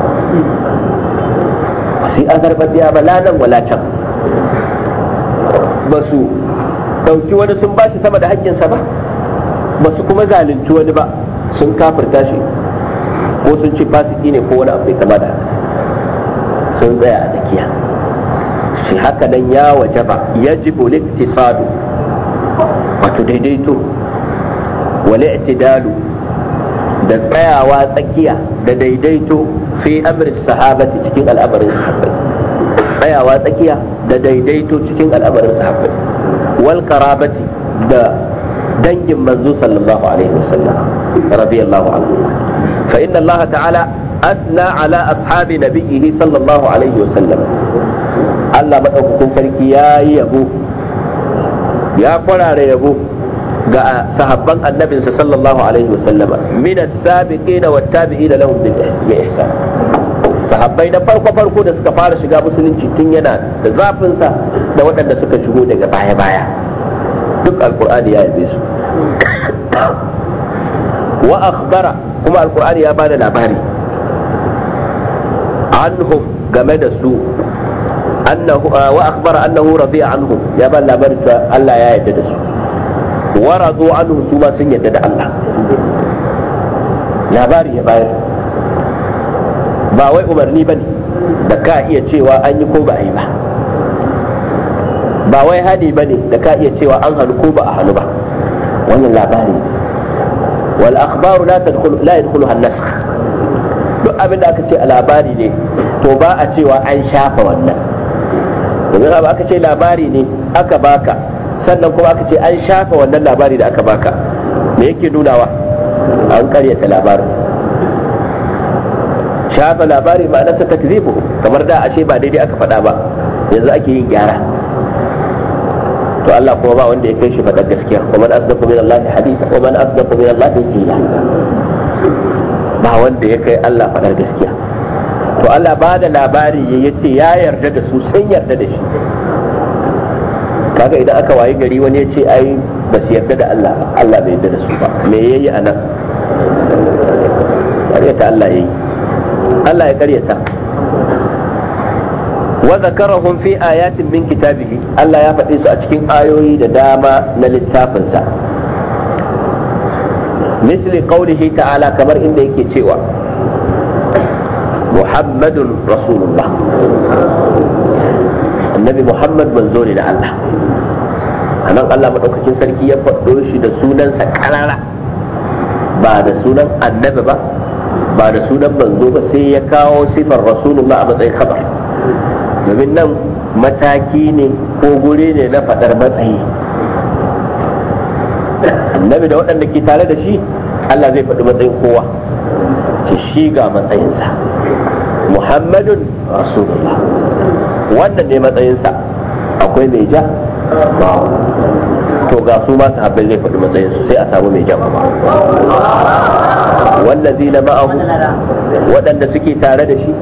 sai an zarbaɗiya ba lanan wala can ba su ɗauki wani sun bashi sama da haƙƙinsa ba ba su kuma zalunci wani ba sun kafirta shi ko sun ce fasiki ne ko wani abu kama da sun tsaya a tsakiya shi haka nan ya wajaba yajibu liktisadu wato daidaito wale itidalu da tsayawa tsakiya da daidaito fi amri sahabati cikin al'amarin sahabbai tsayawa tsakiya da daidaito cikin al'amarin sahabbai wal karabati da dangin manzo sallallahu alaihi wasallam radiyallahu anhu fa inna allaha ta'ala asna ala ashabi nabiyhi sallallahu alaihi wasallam Allah maɗaukakin sarki ya yi yabo ya kwarara yabo ga sahabban annabinsa sallallahu alaihi wasallama min as-sabiqin wa tabi'in lahum bil ihsan sahabbai da farko farko da suka fara shiga musulunci tun yana da zafin sa da waɗanda suka shigo daga baya baya duk alqur'ani ya yabe su wa akhbara kuma alqur'ani ya bada labari anhum game da su annahu ah, wa akhbara annahu radiya anhu ya ba labarin cewa Allah ya yarda da su wa radu anhu su ma sun yarda da Allah labari ya bayar ba wai umarni bane da ka iya cewa an yi ko ba a yi ba ba wai hadi bane da ka iya cewa an ko ba a hannu ba wannan labari duk abin da aka ce a labari ne to ba a cewa an shafa wannan yanzu abu aka ce labari ne aka baka sannan kuma aka ce an shafa wannan labari da aka baka me yake nunawa an karyata labarin shafa labari ba nasa takzibu kamar da ashe ba daidai aka faɗa ba yanzu ake yin gyara to Allah kuma ba wanda ya kai shi faɗa gaskiya wa man asdaqu min Allah hadisa wa man asdaqu min Allah qila ba wanda ya kai Allah faɗar gaskiya to Allah ba da labari ya yi ce ya yarda da su sun yarda da shi kaga idan aka wayi gari wani ya ce ai ba su yarda da Allah Allah bai yarda da su ba me ya yi a nan ƙaryata Allah ya yi, Allah ya ƙaryata wa zakarahum fi ayatin min kitabihi Allah ya faɗe su a cikin ayoyi da dama na littafinsa misli qawlihi ta'ala kamar inda yake cewa muhammadun rasulullah annabi muhammad manzo ne na allah a nan allah maɗaukakin sarki ya faɗo shi da sunansa ƙarara ba da sunan annabi ba ba da sunan manzo ba sai ya kawo sifar rasulullah a matsayin khabar domin nan mataki ne ko guri ne na faɗar matsayi annabi da waɗanda ke tare da shi allah zai faɗi matsayin kowa ce shi ga matsayinsa muhammadun rasulullah wannan ne matsayinsa akwai mai ja to ga su ma sahabbai zai faɗi matsayinsu sai a samu mai ja kuma wallazina ma'ahu waɗanda suke tare da shi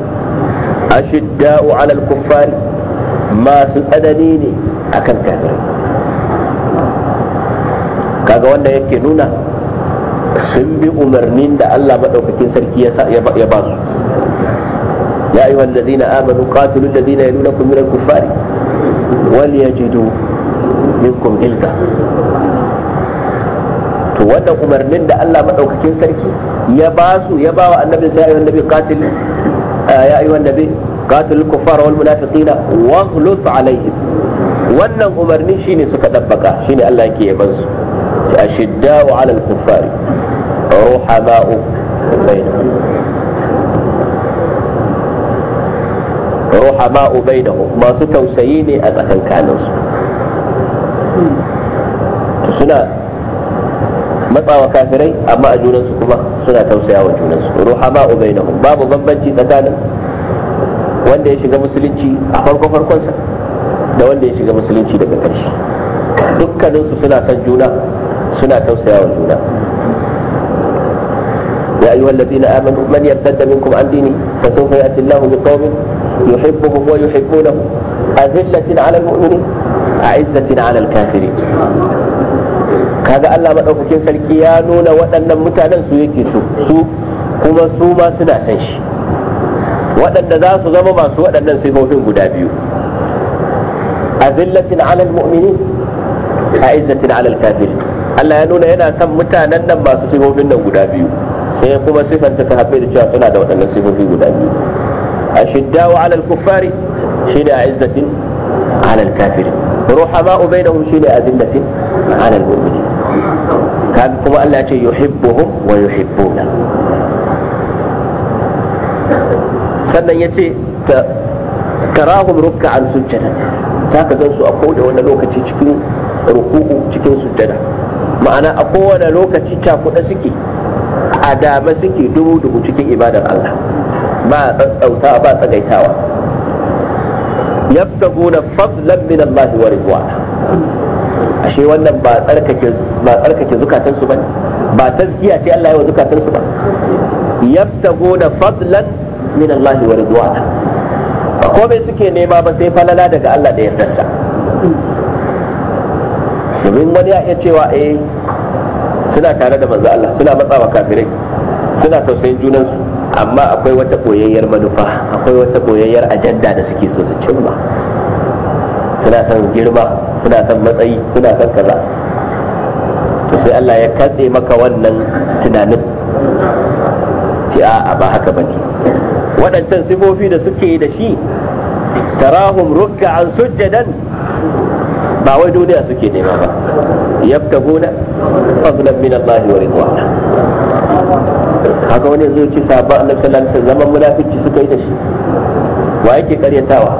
ashidda'u 'alal kuffari masu tsanani ne akan kafirai kaga wanda yake nuna sun bi umarnin da Allah maɗaukakin sarki ya ba su يا أيها الذين آمنوا قاتلوا الذين يلونكم من الكفار وليجدوا منكم غلظة to wannan umarnin da Allah maɗaukakin sarki ya ba su ya ba wa annabi sai ayyuhan nabi qatil ya ayyuhan nabi qatil eh, kuffar wal munafiqina waghluz alaihim wannan umarnin shine suka dabbaka shine Allah yake yaban su ashidda'u 'alal kuffari ruhama'u bainahum ruhama'u bainahum masu tausayi ne a tsakankanin su suna matsawa kafirai amma a junansu kuma suna tausayawa junansu ruhama'u bainahum babu bambanci tsakanin wanda ya shiga musulunci a farko farkonsa da wanda ya shiga musulunci daga ƙarshe dukkaninsu suna son juna suna tausayawa juna يا أيها الذين آمنوا من يرتد منكم عن دينه فسوف يأتي الله بقوم yuhibbuhum wa yuhibbunahu azillatin 'ala al-mu'minin a'izzatin 'ala al-kafirin kaga Allah madaukakin sarki ya nuna waɗannan mutanen su yake so su kuma su ma suna san waɗanda za su zama masu waɗannan guda biyu Allah ya nuna yana son mutanen nan masu sifofin nan guda biyu sai kuma sifanta sahabbai da cewa suna da waɗannan sifofi guda biyu ashidda wa alal kuffari shi da izzatin alal kafiri ruhama ubainahum shi da adillatin alal mu'mini kaga kuma Allah ya ce yuhibbuhum wa yuhibbuna sannan ya ce tarahum ruk'an sujjada za ka gan su a kowane lokaci cikin ruku'u cikin sujjada ma'ana a kowane lokaci cakuɗa suke suke dubu dubu cikin ibadar Allah ba tsantsautawa ba tsagaitawa na fadlan min Allah wa ridwana ashe wannan ba tsarkake ba tsarkake zukatan su bane ba tazkiya ce Allah ya wa zukatan su ba na fadlan min Allah wa ridwana ba komai suke nema ba sai falala daga Allah da sa domin wani ya iya cewa eh suna tare da manzo Allah suna matsawa kafirai suna tausayin junansu amma akwai wata koyayyar manufa akwai wata koyayyar ajanda da suke so su cimma suna son girma suna son matsayi suna son kaza to sai Allah ya katse maka wannan tunanin ci a ba haka bane waɗancan sifofi da suke da shi tarahum ruk'an sujjadan ba wai duniya suke nema ba yabtaguna fadlan min Allah wa ridwana haka wani zai ce sabon annabi sallallahu alaihi zaman munafici suka yi da shi wa yake karyatawa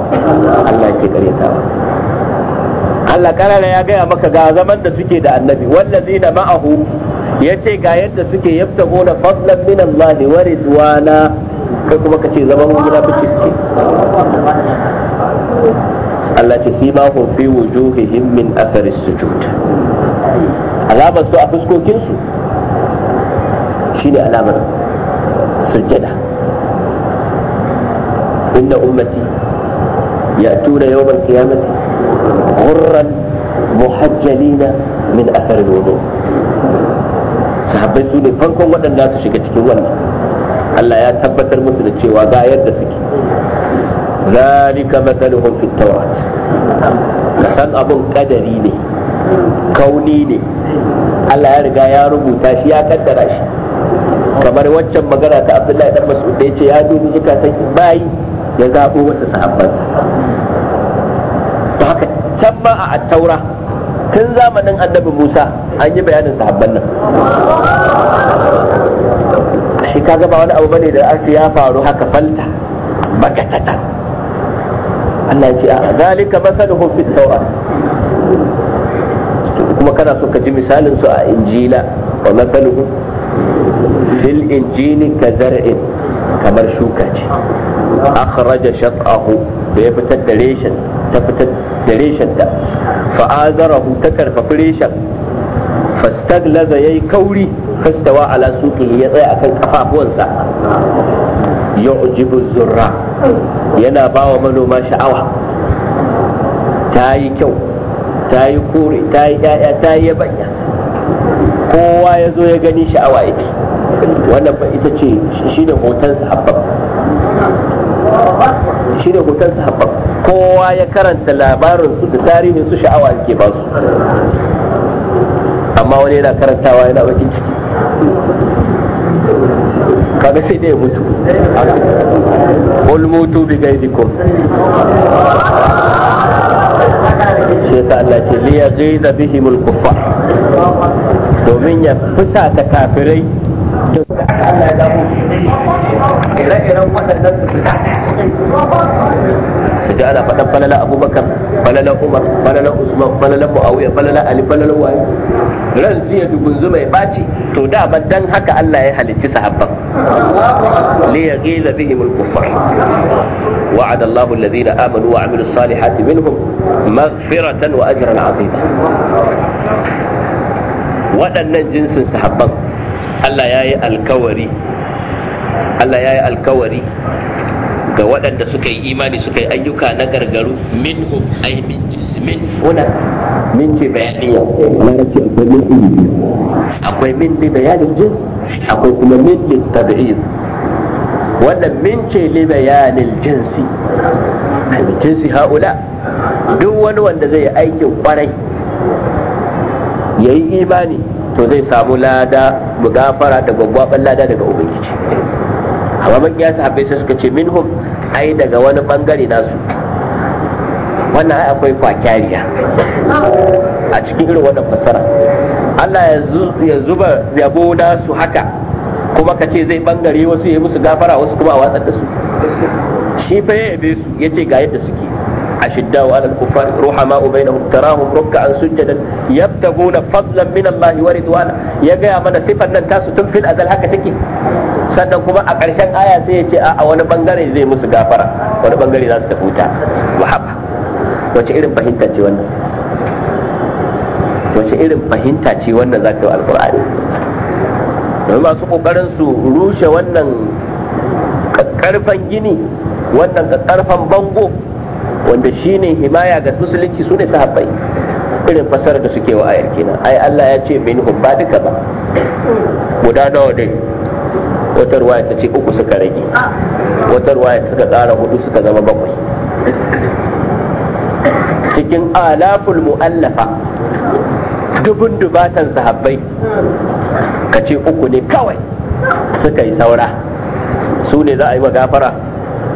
Allah yake karyatawa Allah karara ya gaya maka ga zaman da suke da annabi wallazina ma'ahu yace ga yadda suke yabtaguna fadlan min Allah wa ridwana kai kuma kace zaman munafici suke Allah ce sima hum fi wujuhihim min athari sujud azabar su a fuskokin su ne alamar sujjada inda ummati yau ban kiyamati hurran muhajjalina min athar wudu sahabbai su ne farkon waɗanda su shiga cikin wannan Allah ya tabbatar musu da cewa ga yadda suke zalika masaluhum fi tawrat ka san abun kadari ne kauni ne Allah ya riga ya rubuta shi ya kaddara shi kamar waccan magana ta abdullahi dan mas'ud da yace ya dubi zukatan bayi ya zabo wata sahabbansa to haka can ma a attaura tun zamanin annabi Musa an yi bayanin sahabban nan shi kaga ba wani abu bane da ake ya faru haka falta bakatata Allah ya ce a zalika masaluhum fit tawrat kuma kana so ka ji misalin su a injila wa masaluhum fil injili ka zar'in kamar shuka ce akhraja shaqahu da ya fitar da reshen ta fitar da reshen ta fa'azarahu ta karfafi reshen fastaglaza yayi kauri fastawa ala suqi ya tsaya akan kafafuwansa yu'jibu zurra yana bawa manoma sha'awa ta yi kyau ta yi kore ta yi ya'ya ta yi yabanya kowa ya zo ya gani sha'awa yake wannan ba ita ce shi ne hoton sahabban shi da hoton sahabban kowa ya karanta labarin su da tarihin su sha'awa yake ba su amma wani yana karantawa yana bakin ciki kaga sai dai mutu qul mutu bi gaidikum shi yasa Allah ce liya yaghiza bihimul kuffar domin ya fusa ta kafirai da su da Allah ya damu ire ji ana faɗan falala abubakar falala umar falala usman falala muawiya falala ali falala waye ran su ya dugunzu mai ɓaci to dama dan haka Allah ya halicci sahabban li yaghila bihim al-kuffar وعد الله الذين آمنوا وعملوا الصالحات منهم مغفرة وأجرا عظيما waɗannan jinsin sahabban Allah ya yi alkawari Allah ya yi alkawari ga waɗanda suka yi imani suka yi ayyuka na gargaru min hu ai min jinsi min huna min ce bayaniya larabci akwai min akwai min ne bayanin jins akwai kuma min ne tabi'id wannan min ce ne bayanin jinsi jinsi ha'ula duk wani wanda zai yi aikin kwarai ya yi imani to zai samu lada mu gafara da gwaggwaban lada daga ubangiji amma makiya sahabbai sai suka ce minhum ai daga wani bangare nasu wannan ai akwai kwakyariya a cikin irin wannan fasara Allah ya zuba yabo nasu haka kuma ka ce zai bangare wasu ya musu gafara wasu kuma a watsar da su shi fa ya yi su ya ce ga yadda suke أشداء على الكفار رحماء بينهم تراهم ركعا سجدا يبتغون فضلا من الله ورضوانا يجا من صفة أن تاسو تنفل أزل هكا تكي sannan kuma a ƙarshen aya sai ya ce a wani bangare zai musu gafara wani bangare za su tafi wuta mahaba wace irin fahimta ce wannan wace irin fahimta ce wannan za ta yi alƙur'ani domin masu ƙoƙarin su rushe wannan ƙarfan gini wannan ƙarfan bango wanda shine himaya ga musulunci su ne sahabbai irin fasarar da suke wa ayar kenan ai Allah ya ce minhum ba duka ba guda nawa ne wata ruwaya ta ce uku suka rage wata ruwaya suka tsara hudu suka zama bakwai cikin alaful mu'allafa dubun dubatan sahabbai ka ce uku ne kawai suka yi saura su ne za a yi wa gafara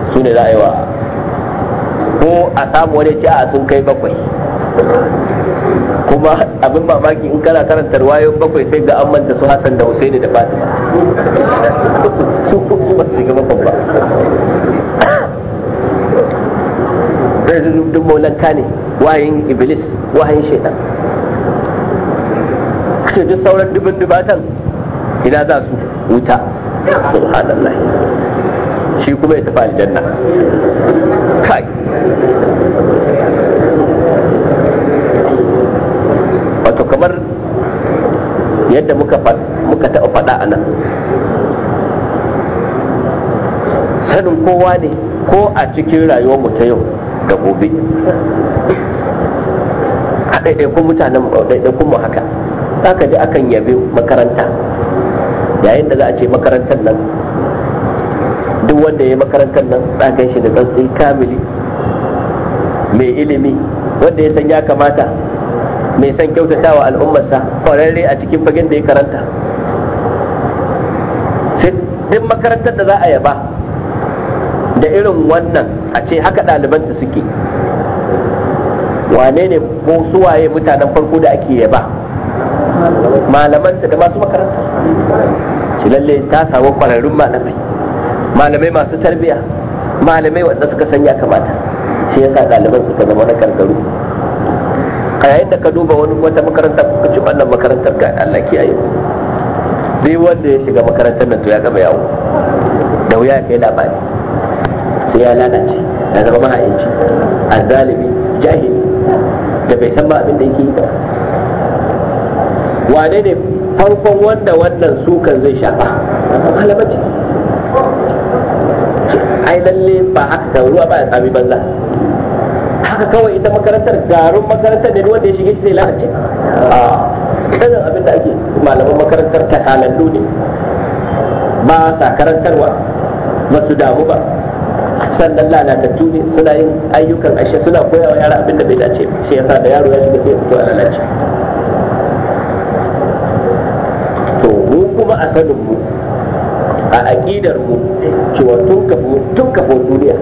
su ne za a yi wa a samu wani ci a sun kai bakwai kuma abin mamaki in kana karanta wayo bakwai sai ga an manta su Hassan da Hussein da Fatima su uku ba su shiga bakwai ba sai duk maulanka ne wayin iblis wayin shaitan kace duk sauran dubin dubatan ina za su wuta subhanallah shi kuma ya tafi aljanna kai wato kamar yadda muka taɓa faɗa a nan sanin kowa ne ko a cikin rayuwarmu ta yau da gobe a ɗaiɗaikun mutanen ɗaiɗaikun mu haka za ka ji akan yabe makaranta yayin da za a ce makarantar nan duk wanda ya yi makarantar nan za ka shi da tsantsi kamili mai ilimi wanda ya san ya kamata mai san kyautatawa al'ummarsa kwararre a cikin fagen da ya karanta duk makarantar da za a yaba da irin wannan a ce haka ɗalibanta suke wane ne ko suwaye mutanen farko da ake yaba malamanta da masu makarantar shi lalle ta samu kwararrun malamai malamai masu tarbiyya malamai wanda suka sanya kamata shi yasa ɗaliban suka zama na karkaru a yayin da ka duba wani wata makaranta ka ci wannan makarantar ga Allah kiyaye duk wanda ya shiga makarantar nan to ya gama yawo da wuya kai labari sai ya lalace ya zama mahaici zalibi jahili da bai san ba abin da yake yi ba wane ne farkon wanda wannan sukan zai shafa malaman ciki ai lalle ba haka ruwa ba ya sami banza haka kawai ita makarantar garin makarantar da wanda ya shige shi sai lalace irin ah. ah, abin da ake malaman makarantar kasalallu ne ba sa karantarwa ba su damu ba sannan lalatattu ne suna yin ayyukan ashe suna koyawa yara abin da bai dace shi yasa da yaro ya shiga sai ya fito a lalace to mu kuma a sanin mu a aƙidar mu cewa tun kafin duniya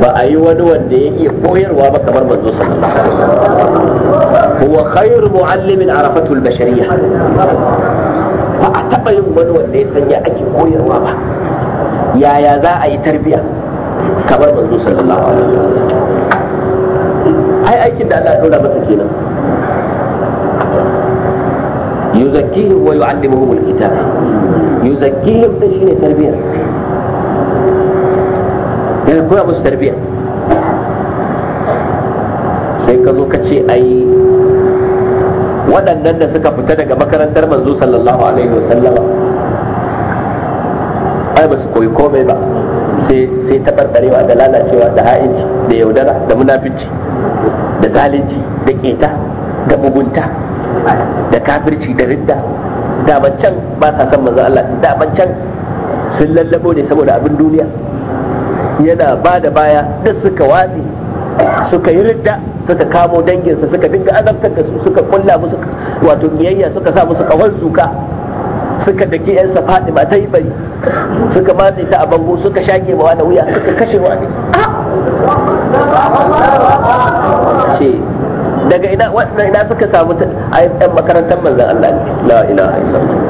ba a yi wani wanda ya iya koyarwa ba kamar manzo sallallahu alaihi wasallam huwa khairu muallimin arafatu albashariya ba a taba yin wani wanda ya sanya ake koyarwa ba yaya za a yi tarbiya kamar manzo sallallahu alaihi wasallam ai aikin da Allah ya dora masa kenan yuzakkihim wa yu'allimuhum alkitab yuzakkihim din shine tarbiya daga koya musu tarbiyya sai ka zo ka ce ai waɗannan da suka fita daga makarantar manzo sallallahu alaihi wasallama ai ba su koyi komai ba sai taɓarɓarewa da lalacewa da ha'inci da yaudara da munafici da zalunci da keta da mugunta da kafirci da ridda da can ba sa son manzo Allah da can sun lallabo ne saboda abin duniya yana ba da baya da suka watsi suka yi ridda suka kamo danginsa suka dinga azabtar da su suka kulla musu wato kiyayya suka sa musu kawar zuka suka daki yan safadi ba ta yi bari suka matse ta a bango suka shake ma wani wuya suka kashe wani ce ah! daga ina wannan ina suka samu ta ayyukan makarantar manzon Allah ne la ilaha illallah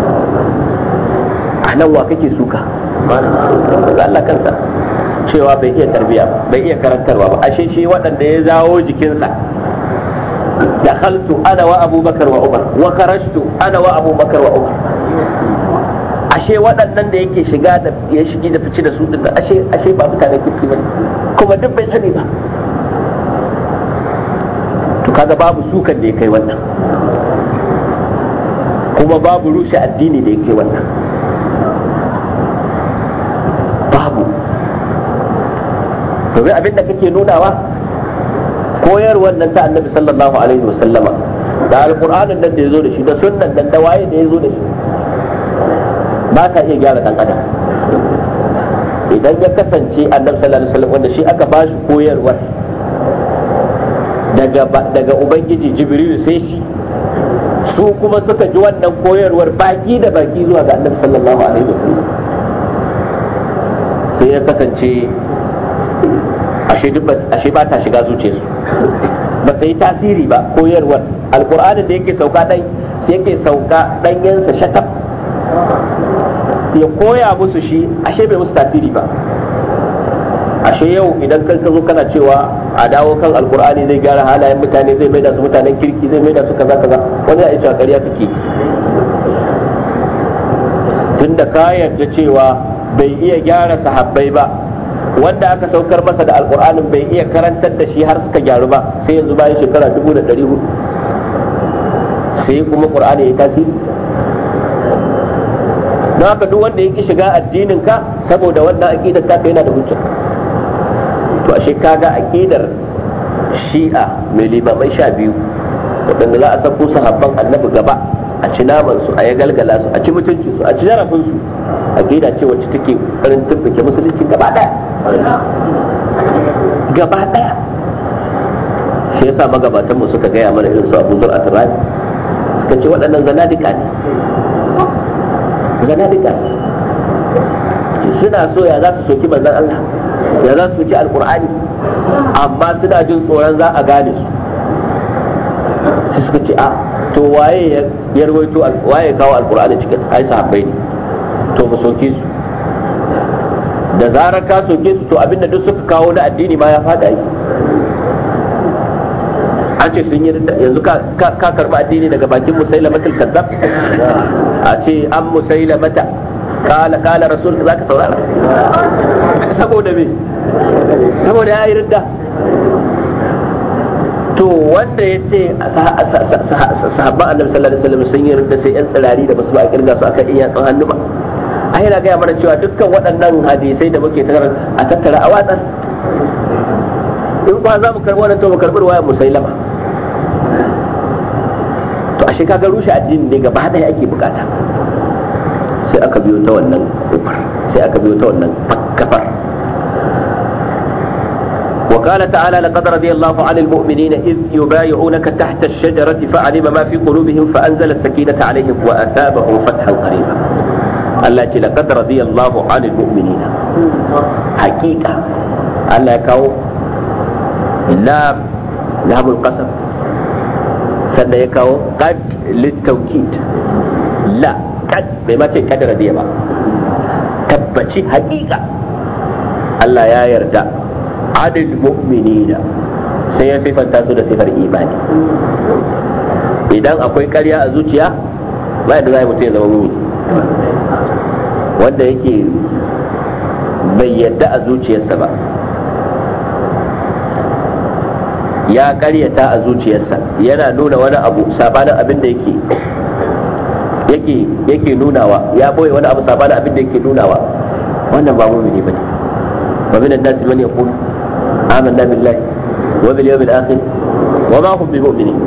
a nan wa kake suka Allah kansa cewa bai iya tarbiya bai iya karantarwa ba ashe shi waɗanda ya zawo jikinsa dakhaltu ana wa abubakar wa umar wa kharajtu ana wa abubakar wa umar ashe waɗannan da yake shiga da ya shigi da fice da su din ashe ashe ba mutane kirki bane kuma duk bai sani ba to kaga babu sukan da ya kai wannan kuma babu rushe addini da ya kai wannan domin abin da kake nunawa koyarwar nan ta annabi sallallahu alaihi wasallama da alƙur'anin nan da ya zo da shi da sunnan nan da waye da ya zo da shi ba sa iya gyara dan adam idan ya kasance annabi sallallahu alaihi wasallam wanda shi aka ba shi koyarwar daga daga ubangiji jibril sai shi su kuma suka ji wannan koyarwar baki da baki zuwa ga annabi sallallahu alaihi wasallam sai ya kasance ashe ba ta shiga zuciyarsu ba ta yi tasiri ba koyarwar alkur'ani da yake sauka ɗan sai yake sauka ɗanyensa shatab ya koya musu shi ashe bai musu tasiri ba ashe yau idan kan ka zo kana cewa a dawo kan alkur'ani zai gyara halayen mutane zai maida su mutanen kirki zai maida su kaza kaza wani ya cewa ƙarya kake tunda ka yarda cewa bai iya gyara sahabbai ba wanda aka saukar masa da alƙur'anin bai iya karantar da shi har suka gyaru ba sai yanzu bayan shekara dubu da ɗari hudu sai kuma ƙur'ani ya tasiri don haka duk wanda ya ki shiga addinin ka saboda wannan aƙidar kai yana da hujja to Shekara kaga aƙidar shi'a mai limamai sha biyu waɗanda za a sako sahabban annabi gaba a ci naman a ya galgala su a ci mutuncinsu su a ci jarafinsu su gida ce wacce take farin tumbuke musulunci gaba ɗaya gaba ɗaya shi yasa magabatanmu suka gaya mana irin su abu a atrat suka ce waɗannan zanadika ne zanadika ne suna so ya za su soki manzan Allah ya za su soki alƙur'ani amma suna jin tsoron za a gane su sai suka ce a ah, to waye ya rawaito waye kawo alƙur'ani cikin ai sahabbai ne to mu soke su da zarar ka soke su to abinda duk suka kawo na addini ma ya fada yi an ce sun yi yanzu ka karba addini daga bakin matul kazzab a ce an mata kala kala rasul za ka saurara saboda me saboda ya yi ridda to wanda ya ce sahabban annabi sallallahu alaihi wasallam sun yi ridda sai yan tsirari da basu ba a kirga su aka iya tsawon hannu ba a yana gaya mana cewa dukkan waɗannan hadisai da muke tarar a tattara a watsar in ba za mu karɓi wannan to mu karɓi ruwayar musailama to ashe kaga rushe addini ne gaba ɗaya ake bukata sai aka biyo ta wannan kufar sai aka biyo ta wannan kafar وقال تعالى لقد رضي الله عن المؤمنين إذ يبايعونك تحت الشجرة فعلم ما في قلوبهم فأنزل السكينة عليهم وأثابهم فتحا قريبا Allah ce laqad radiyallahu 'anil mu'minina hakika Allah ya kawo illa labul sannan ya kawo ƙad littaukid la kad bai mace ce kad radiya ba tabbaci hakika Allah ya yarda adil mu'minina sai ya sifanta su da sifar imani idan akwai karya a zuciya ba da za mutum ya zama mumini wanda yake bai yadda a zuciyarsa ba ya karyata a zuciyarsa yana nuna wani abu sabanin abin da yake yake nunawa ya boye wani abu sabanin abin da yake nunawa wannan ba mumini bane wa minan nasi man yaqul amanna billahi wa bil yawmil akhir wa ma hum bi mu'minin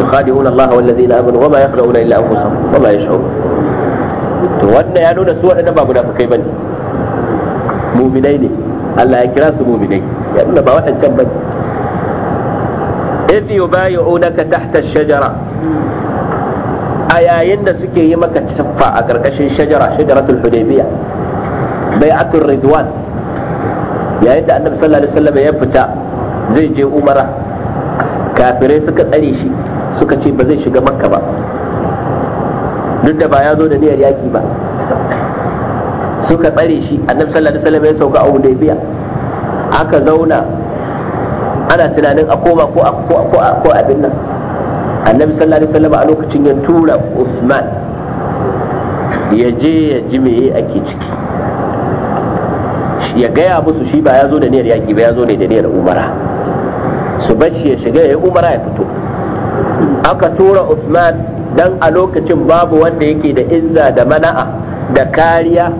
yukhadi'una Allah wal ladina amanu wa ma yakhda'una illa anfusahum wa ma yash'urun to wannan ya nuna su waɗannan ba munafikai bane muminai ne Allah ya kira su muminai ya nuna ba waɗancan bane idh yubayi'unaka tahta ash-shajara a yayin da suke yi maka tafa a ƙarƙashin shajara shajaratul hudaybiya bai'atul ridwan yayin da annabi sallallahu alaihi wasallam ya fita zai je umara kafirai suka tsare shi suka ce ba zai shiga makka ba duk da ba ya zo da niyyar yaki ba suka tsare shi annabi sallallahu alaihi wasallam ya sauka a hudaybiya aka zauna ana tunanin a koma ko ko abin nan annabi sallallahu alaihi wasallam a lokacin ya tura usman ya je ya ji meye ake ciki ya gaya musu shi ba ya zo da niyyar yaki ba ya zo ne da niyyar umara su bashi ya shiga ya yi umara ya fito aka tura usman dan a lokacin babu wanda yake da izza da mana'a da kariya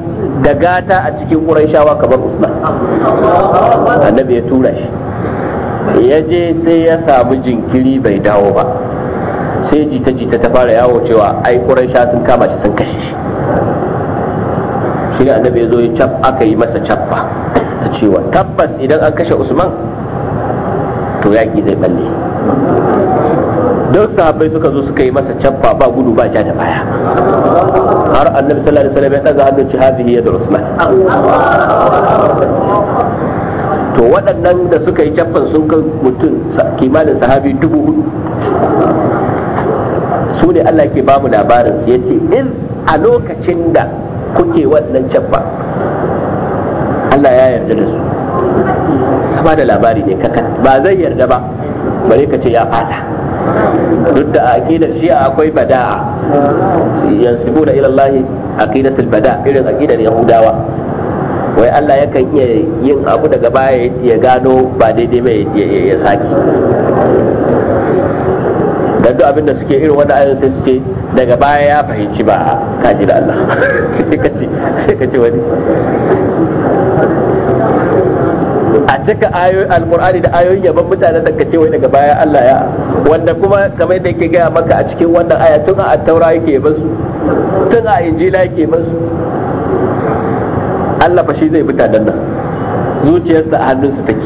da gata a cikin ƙurayshawa kamar usman annabi ya tura shi ya je sai ya samu jinkiri bai dawo ba sai jita-jita ta fara yawo cewa ai ƙuraysha sun kama shi sun kashe shi shi annabi ya zo ya cap aka yi masa cappa ta cewa tabbas idan an kashe usman to yaƙi zai balle Don sahabbai suka zo suka yi masa caffa ba gudu ba ja da baya har annabi sallallahu alaihi wasallam ya daga hannun ci ya da usman to waɗannan da suka yi cappan sun kan mutum kimanin sahabi dubu hudu su ne Allah ke bamu labarin yace in a lokacin da kuke wannan caffa Allah ya yarda da su ba da labari ne kakan ba zai yarda ba bare ka ce ya fasa duk da a aqidar shi'a akwai bada'a yansibuna ila Allah aqidatul bada irin aqidar yahudawa wai Allah yakan iya yin abu daga baya ya gano ba daidai mai ya saki dan duk abin da suke irin wanda ayoyin sai su daga baya ya fahimci ba kaji da Allah sai ka ce wani a cika ayoyi alkur'ani da ayoyin yaban mutanen da cewa daga baya Allah ya wanda kuma kamar da yake gaya maka a cikin wannan aya tun a taura yake yaban su tun a injila yake yaban su Allah fa shi zai mutanen nan zuciyarsa a hannunsa take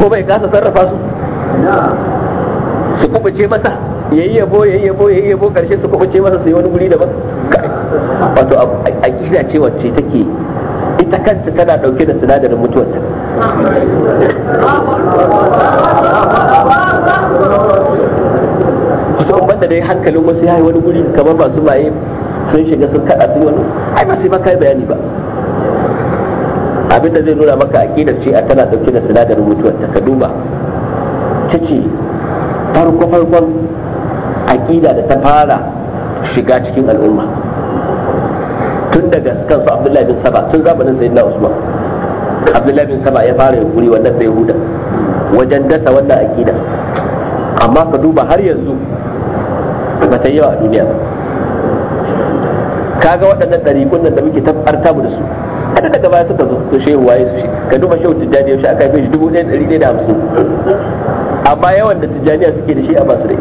ko bai kasa sarrafa su su kubuce masa yayi yabo yayi yabo yayi yabo karshe su kubuce masa su yi wani guri daban wato a cewa ce wacce take ita kanta tana dauke da sinadarin mutuwarta wasu banda dai hankalin wasu ya yi wani guri kamar masu maye sun shiga sun kada sun wani ai ba sai maka bayani ba abinda zai nuna maka aƙidar ce a tana dauke da sinadarin mutuwar ta ka duba ta ce farko farkon aƙida da ta fara shiga cikin al'umma tun daga kansu abdullahi bin saba tun zamanin sayyidina usman abdullahi bin saba ya fara yunkuri wannan bai huda wajen dasa wannan akida amma ka duba har yanzu ba ta yawa a duniya Ka ga waɗannan ɗariƙun da muke tabbarta da su kada daga baya suka zo to shehu waye su shi ka duba shehu tijjani yaushe aka yi shi dubu ɗaya ɗari ɗaya da hamsin amma yawan da tijjaniya suke da shi a masu rai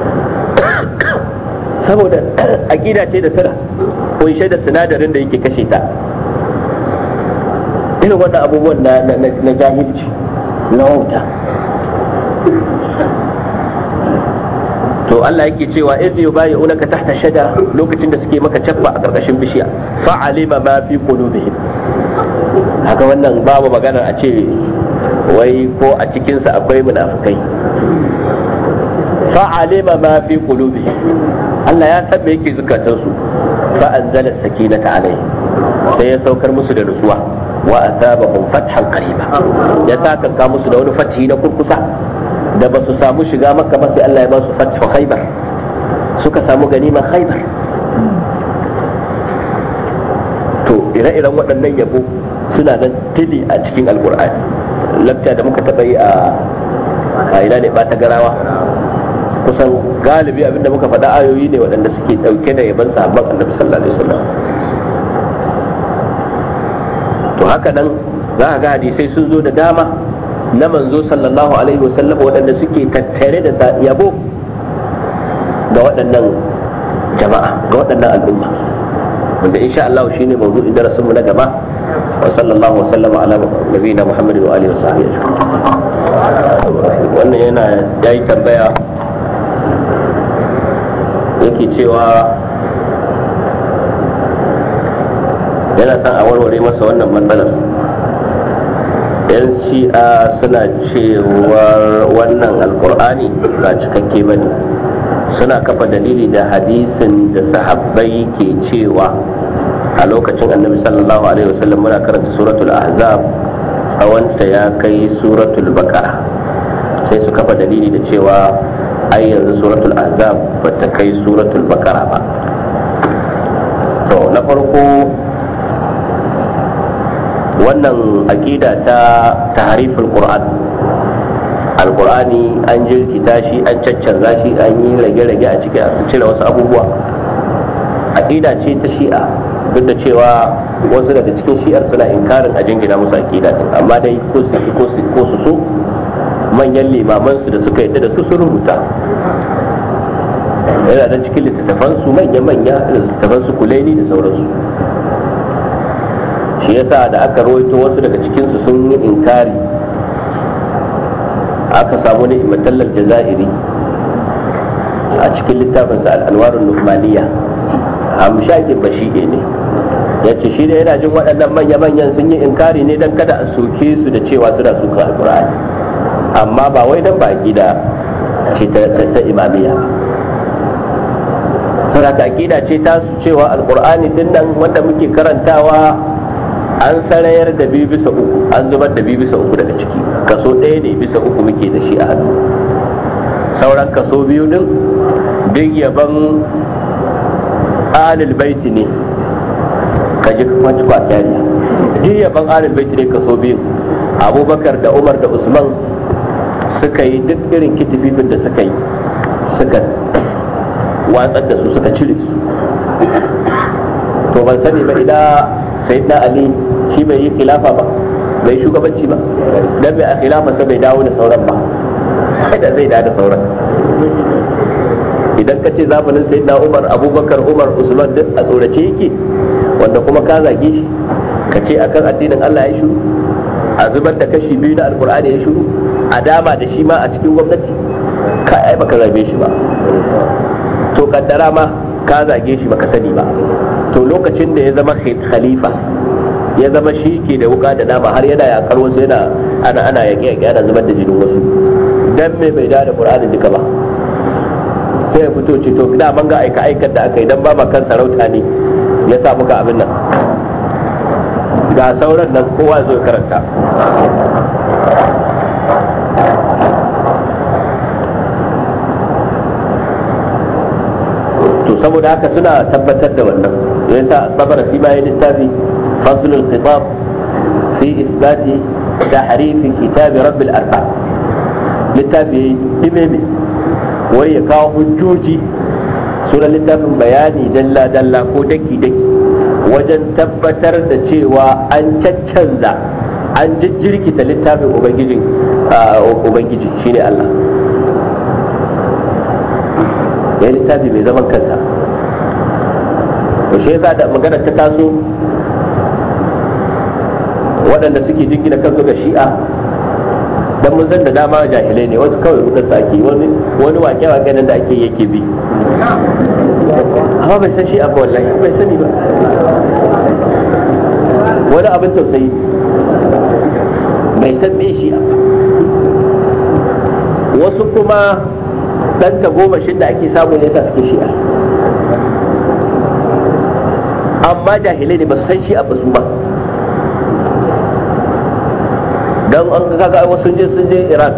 saboda aƙida ce da tara, kunshe da sinadarin da yake kashe ta irin wannan abubuwan na jahilci na wauta to Allah yake cewa idh yubayi'unaka tahta shada lokacin da suke maka cappa a karkashin bishiya Alima ma fi qulubihim haka wannan babu magana a ce wai ko a cikinsa akwai munafukai fa'alima ma fi qulubihim Allah ya san me yake zukatansu fa’an fa Sakina sakinata alai sai ya saukar musu da nutsuwa wa azabahum fathan qariba ya saka ka musu da wani fatihi na kurkusa da basu samu shiga makka ba sai Allah ya ba su fathu khaybar suka samu ganima khaybar to ire-iren waɗannan yabo suna nan tili a cikin alkur'ani lafta da muka taɓa yi a ina ne ba ta garawa kusan galibi abinda muka faɗa ayoyi ne waɗanda suke ɗauke da yaban sahabban annabi sallallahu alaihi wasallam to haka nan za ka ga hadisai sun zo da dama na manzo sallallahu alaihi wasallam waɗanda suke tattare da yabo ga waɗannan jama'a ga waɗannan al'umma wanda insha Allah shine mawdu'in darasinmu na gaba wa sallallahu wasallam ala nabiyina Muhammadu wa alihi wa wannan yana yi tambaya yake cewa yana son a warware masa wannan matsalar yan shi'a suna cewar wannan alkur'ani ba cikakke ba ne suna kafa dalili da hadisin da sahabbai ke cewa a lokacin annabi sallallahu alaihi wasallam muna karanta suratul ahzab tsawonta ya kai suratul bakara sai su kafa dalili da cewa ai yanzu suratul ahzab ba ta kai suratul bakara ba to na farko wannan aƙida ta taharifin qur'an alqur'ani an jirkita shi an caccanza shi an yi rage-rage a cikin a cire wasu abubuwa aƙida ce ta shi'a duk da cewa wasu daga cikin shi'ar suna inkarin a jingina musu aƙida amma dai ko su ko su so manyan limamansu da suka yadda da su sun rubuta yana da cikin littattafansu manya-manya da littattafansu kuleni da sauransu shi yasa da aka rawaito wasu daga cikinsu sun yi inkari aka samu ne matallar jazairi a cikin littafinsa al'anwarin nufmaniya hamshakin bashi ne ya ce shi ne yana jin waɗannan manya-manyan sun yi inkari ne don kada a soke su da cewa suna suka alkur'ani amma ba wai don ba da ce ta imamiya ba. ta ce ta su cewa alkur'ani din nan wanda muke karantawa an sarayar da biyu bisa uku an zubar da biyu bisa uku daga ciki kaso ɗaya ne bisa uku muke da shi a hannu sauran kaso biyu din duk yaban alil baiti ne ka ji kwa kwakyariya duk yaban alil baiti ne kaso biyu abubakar da umar da usman suka yi duk irin kitififin da suka yi suka watsar da su suka cire su to ban sani ba idan da ali shi bai yi khilafa ba bai shugabanci ba dan bai a sai bai dawo da sauran ba da zai dawo da sauran idan ka ce zamanin da umar abubakar umar usman duk a tsorace yake wanda kuma ka zage shi ka ce akan addinin Allah ya shiru a zubar da kashi biyu na alkur'ani ya shiru a dama da shi ma a cikin gwamnati ka ai baka zabe shi ba to kaddara ma ka zage shi baka sani ba to lokacin da ya zama khalifa ya zama shi ke da wuka da nama har yana yakar wasu yana ana ana yaƙe yaƙe ana zubar da jinin wasu dan me bai da qur'anin duka ba sai ya fito ce to da man ga aika aikar da aka yi dan ba ma kan sarauta ne ya sa muka abin nan ga sauran nan kowa zo karanta to saboda haka suna tabbatar da wannan ya sa tabarasi ba ya littafi faslul khitab fi isbati harifin kitabin rabbil arba littafi ya yi mai wai ya kawo hujjoji sunan littafin bayani dalla dalla ko daki daki wajen tabbatar da cewa an caccanza an jijjirkita littafin ubangijin ubangiji shine Allah ya littafi mai zaman kansa to shi yasa da magana ta taso waɗanda suke da kansu ga shi'a dan mun san da dama jahilai ne wasu kawai rudar sake wani wani wake wake nan da ake yake bi amma bai san shi'a ba wallahi bai sani ba wani abin tausayi bai san me shi'a ba wasu kuma dan tagomashin da ake samu nesa suke shi'a amma jahilai ne ba su san shi a basu ba don an kaga wasu je sun je Iran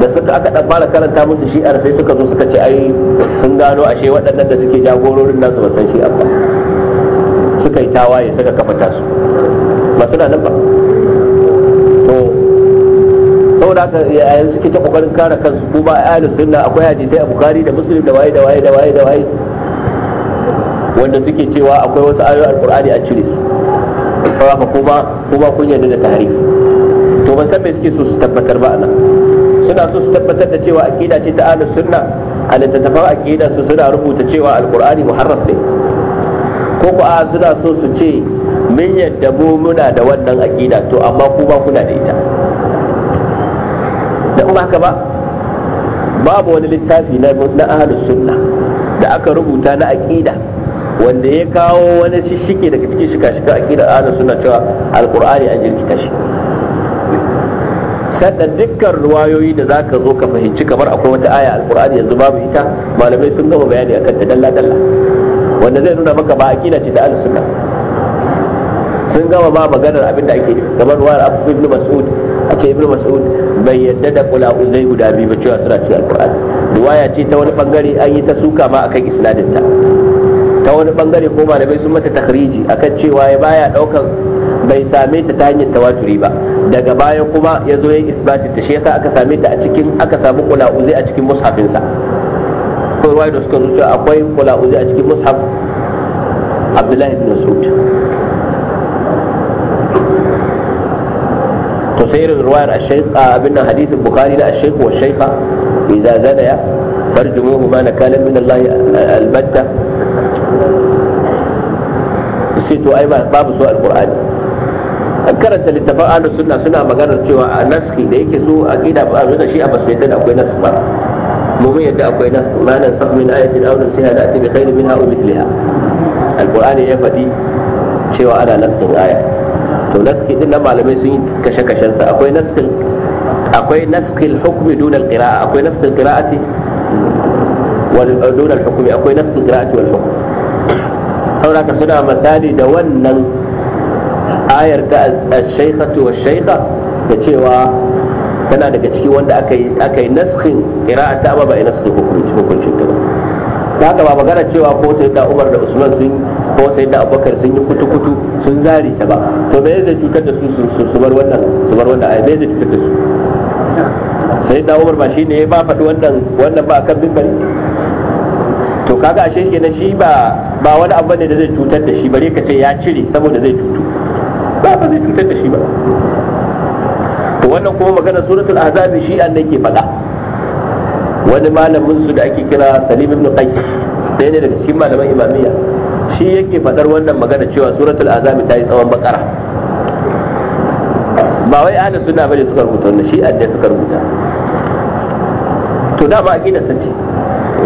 da suka aka dan fara karanta musu shi'ar sai suka zo suka ce ai sun gano ashe waɗannan da suke jagororin nasu ba san shi'ar ba suka yi tawaye suka kafa tasu ba suna nan ba to saboda haka yayin suke ta kokarin kare kansu ko ba sunna akwai hadisi a bukhari da muslim da waye da waye da waye da waye wanda suke cewa akwai wasu ayoyin alkur'ani a cire su ba kuma kuma kun yarda da tarihi to ban san me suke so su tabbatar ba nan. suna so su tabbatar da cewa aqida ce ta ahlus sunna a littattafan aqida su suna rubuta cewa alkur'ani muharraf ne ko ko a suna so su ce mun yadda mu muna da wannan aqida to amma kuma ba kuna da ita da ba haka ba babu wani littafi na ahlus sunna da aka rubuta na aqida wanda ya kawo wani shishike daga cikin shika-shika aqidar ahlus sunna cewa alqur'ani an jirkita shi sannan dukkan ruwayoyi da zaka zo ka fahimci kamar akwai wata aya alqur'ani yanzu babu ita malamai sun gama bayani akan ta dalla dalla wanda zai nuna maka ba akida ce ta ahlus sunna sun gama ba maganar abin da ake kamar ruwayar ibnu mas'ud a ce ibn mas'ud bai yadda da kula uzai guda biyu ba cewa suna cikin alqur'ani Ruwaya ce ta wani bangare an yi ta suka ma akan ta ta wani bangare ko malamai sun mata takhriji akan cewa ya baya daukan bai same ta ta hanyar tawaturi ba daga baya kuma ya zo ya isbatin ta shi yasa aka same ta a cikin aka samu kula'uzi a cikin sa akwai ruwa da suka zuciya akwai kula'uzi a cikin mushaf abdullahi bin mas'ud to sai irin ruwayar abin nan hadisin bukhari da ashaikh wa shaykha idza ya farjumuhu ma nakala min allah albatta sai to ai babu so alqur'ani an karanta littafin ahlu sunna suna maganar cewa a naski da yake so a gida ba zo da shi a basu yadda da akwai nasu ba mu mun yadda akwai nasu ma nan saf min ayatin aw nasiha da ati bi khairin minha aw mithliha alqur'ani ya faɗi cewa ana naskin aya to naski din nan malamai sun yi kashe kashen sa akwai naskin akwai naskil hukmi dun alqira'a akwai naskil qira'ati wal dun alhukmi akwai naskil qira'ati wal hukmi sauraka suna misali da wannan ayar ta al-shaykhatu wash-shaykha da cewa tana daga ciki wanda aka yi naskhin qira'ata amma ba a naskhin hukuncin ta ba ta haka ba magana cewa ko sai da Umar da Usman sun ko sai da Abubakar sun yi kutu-kutu sun zari ta ba to me zai cutar da su su bar wannan su bar wannan ayar me zai cutar da su sai da Umar ba shine ya ba faɗi wannan wannan ba akan bimbari to kaga ashe kenan shi ba ba wani abu ne da zai cutar da shi bare ka ce ya cire saboda zai cutu ba ba zai cutar da shi ba to wannan kuma magana suratul ahzab shi an ke faɗa wani malamin su da ake kira salim ibn qais da ne daga cikin malaman imamiyya shi yake faɗar wannan magana cewa suratul azami ta yi tsawon bakara ba wai ahli sunna bane suka rubuta wannan shi addai suka rubuta to da ba aqida sace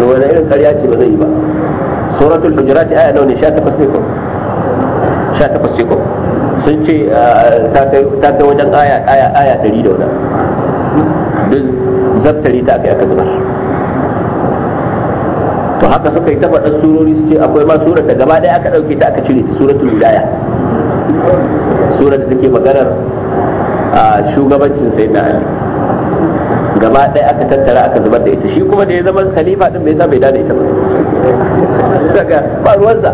wani irin karya ce ba zai yi ba suratul hujurati aya nawa ne 18 ne ko 18 ce ko sun ce ah, ta kai wajen aya aya aya 100 da wani duk zabtari ta kai aka zubar to haka suka yi tabbatar surori su ce akwai ma surar da gaba ɗaya aka ɗauke ta aka cire ta suratul wilaya surar da take maganar a ah, shugabancin sayyidina ali gaba ɗaya aka tattara aka zubar da ita shi kuma da ya zama khalifa din bai sa bai da ita ba daga ba ruwansa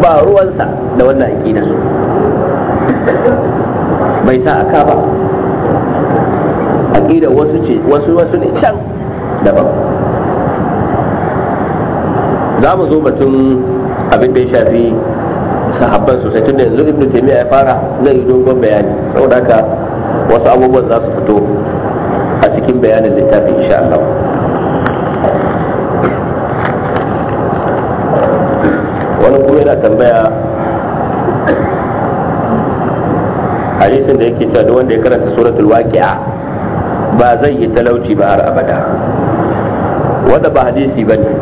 ba ruwansa da wannan aqida bai sa aka ba aqida wasu ce wasu wasu ne can daban za mu zo batun abin da ya shafi sahabban sosai tunda yanzu ibnu taymiya ya fara zai yi dogon bayani saboda haka wasu abubuwan za su fito cikin bayanin littafin insha Allah wani kuma yana tambaya hadisin da yake cewa da wanda ya karanta suratul waqi'a ba zai yi talauci ba har abada wanda ba hadisi ba ne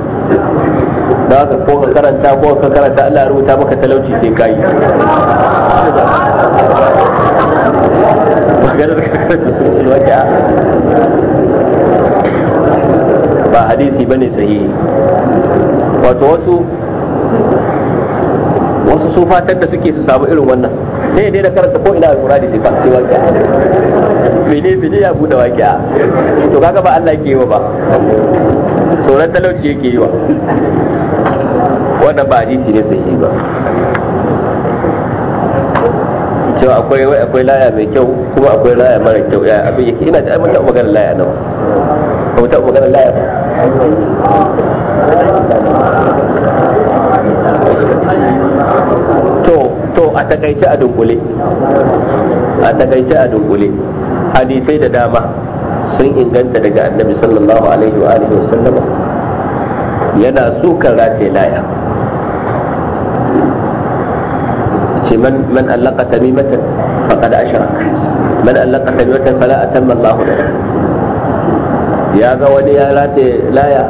da haka ko ka karanta ko ka karanta Allah ya rubuta maka talauci sai ka yi maganar karanta suratul waqi'a ba hadisi bane sahihi wato wasu wasu su fatar da suke su samu irin wannan sai ya daina karanta ko ina alqur'ani sai sai waqi'a bene bene ya bude waqi'a to kaga ba Allah yake yi ba tsoron talauci yake yi wa wannan ba hadisi ne sahihi ba cewa akwai wai akwai laya mai kyau kuma akwai laya mara kyau ya abin yake ina ta mata maganar laya nawa ba mu ta maganar laya ba to to a takaice a dunkule a takaice a dunkule hadisai da dama sun inganta daga annabi sallallahu alaihi wa alihi wa sallama yana sukar rataye laya ce man allaka tamimatan faqad ashrak man allaka tamimatan fala atamma Allahu lahu ya ga wani ya rataye laya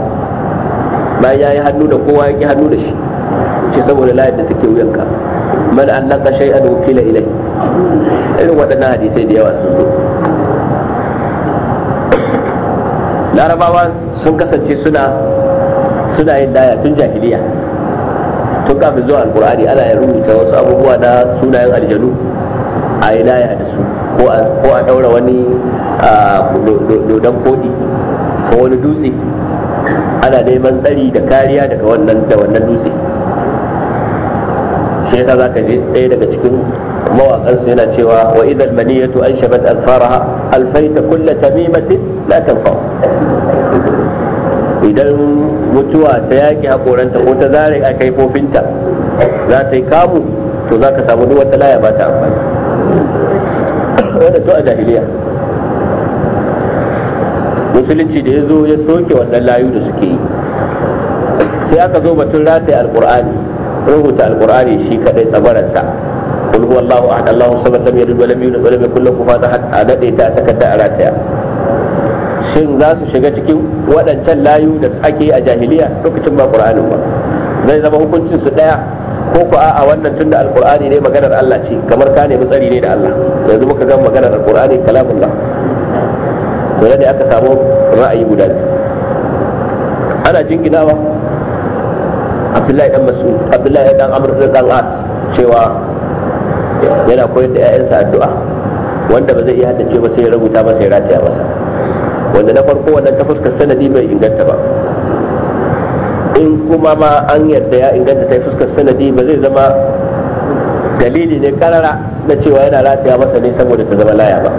bayan ya yi hannu da kowa ya hannu da shi ce saboda layar da take wuyanka man allaka shay'an wukila ilai irin waɗannan hadisai da yawa sun zo larabawa sun kasance suna suna yin laya tun jahiliya tun kafin zuwa alkur'ani ana yin rubuta wasu abubuwa na sunayen aljanu a yi laya da su ko a daura wani dodon kodi ko wani dutse ana neman tsari da kariya daga wannan da wannan dutse shi yasa ka je ɗaya daga cikin mawakansu yana cewa wa ya maniyatu an shabat alfaraha alfaita kulla tamimatin la tanfa idan mutuwa ta yaƙi haƙoranta ko ta zare a kaifofinta za ta yi kamu to za ka samu duk wata laya ba ta amfani wanda to a jahiliya musulunci da ya zo ya soke wannan layu da suke yi sai aka zo batun rataye alkur'ani rubuta alkur'ani shi kadai tsabaransa kul huwallahu ahad allahu samad lam yalid wa lam yulad wa lam yakul lahu kufuwan ahad a ta takarda a rataya shin za su shiga cikin waɗancan layu da ake a jahiliya lokacin ba ƙur'ani ba zai zama hukuncin su ɗaya ko ku a wannan tun da Alƙur'ani ne maganar Allah ce kamar ka nemi tsari ne da Allah yanzu muka gan maganar kalamun ba to ne aka samu ra'ayi guda ne. ana jinginawa abdullahi dan Masu abdullahi dan amr dan as cewa yana koyar da 'ya'yansa addu'a wanda ba zai iya haddace ba sai ya rubuta sai ya rataya ba. wanda na farko wannan ta fuskar sanadi bai inganta ba in kuma ma an yarda ya inganta ta fuskar sanadi ba zai zama dalili ne karara na cewa yana rataya masa ne saboda ta zama laya ba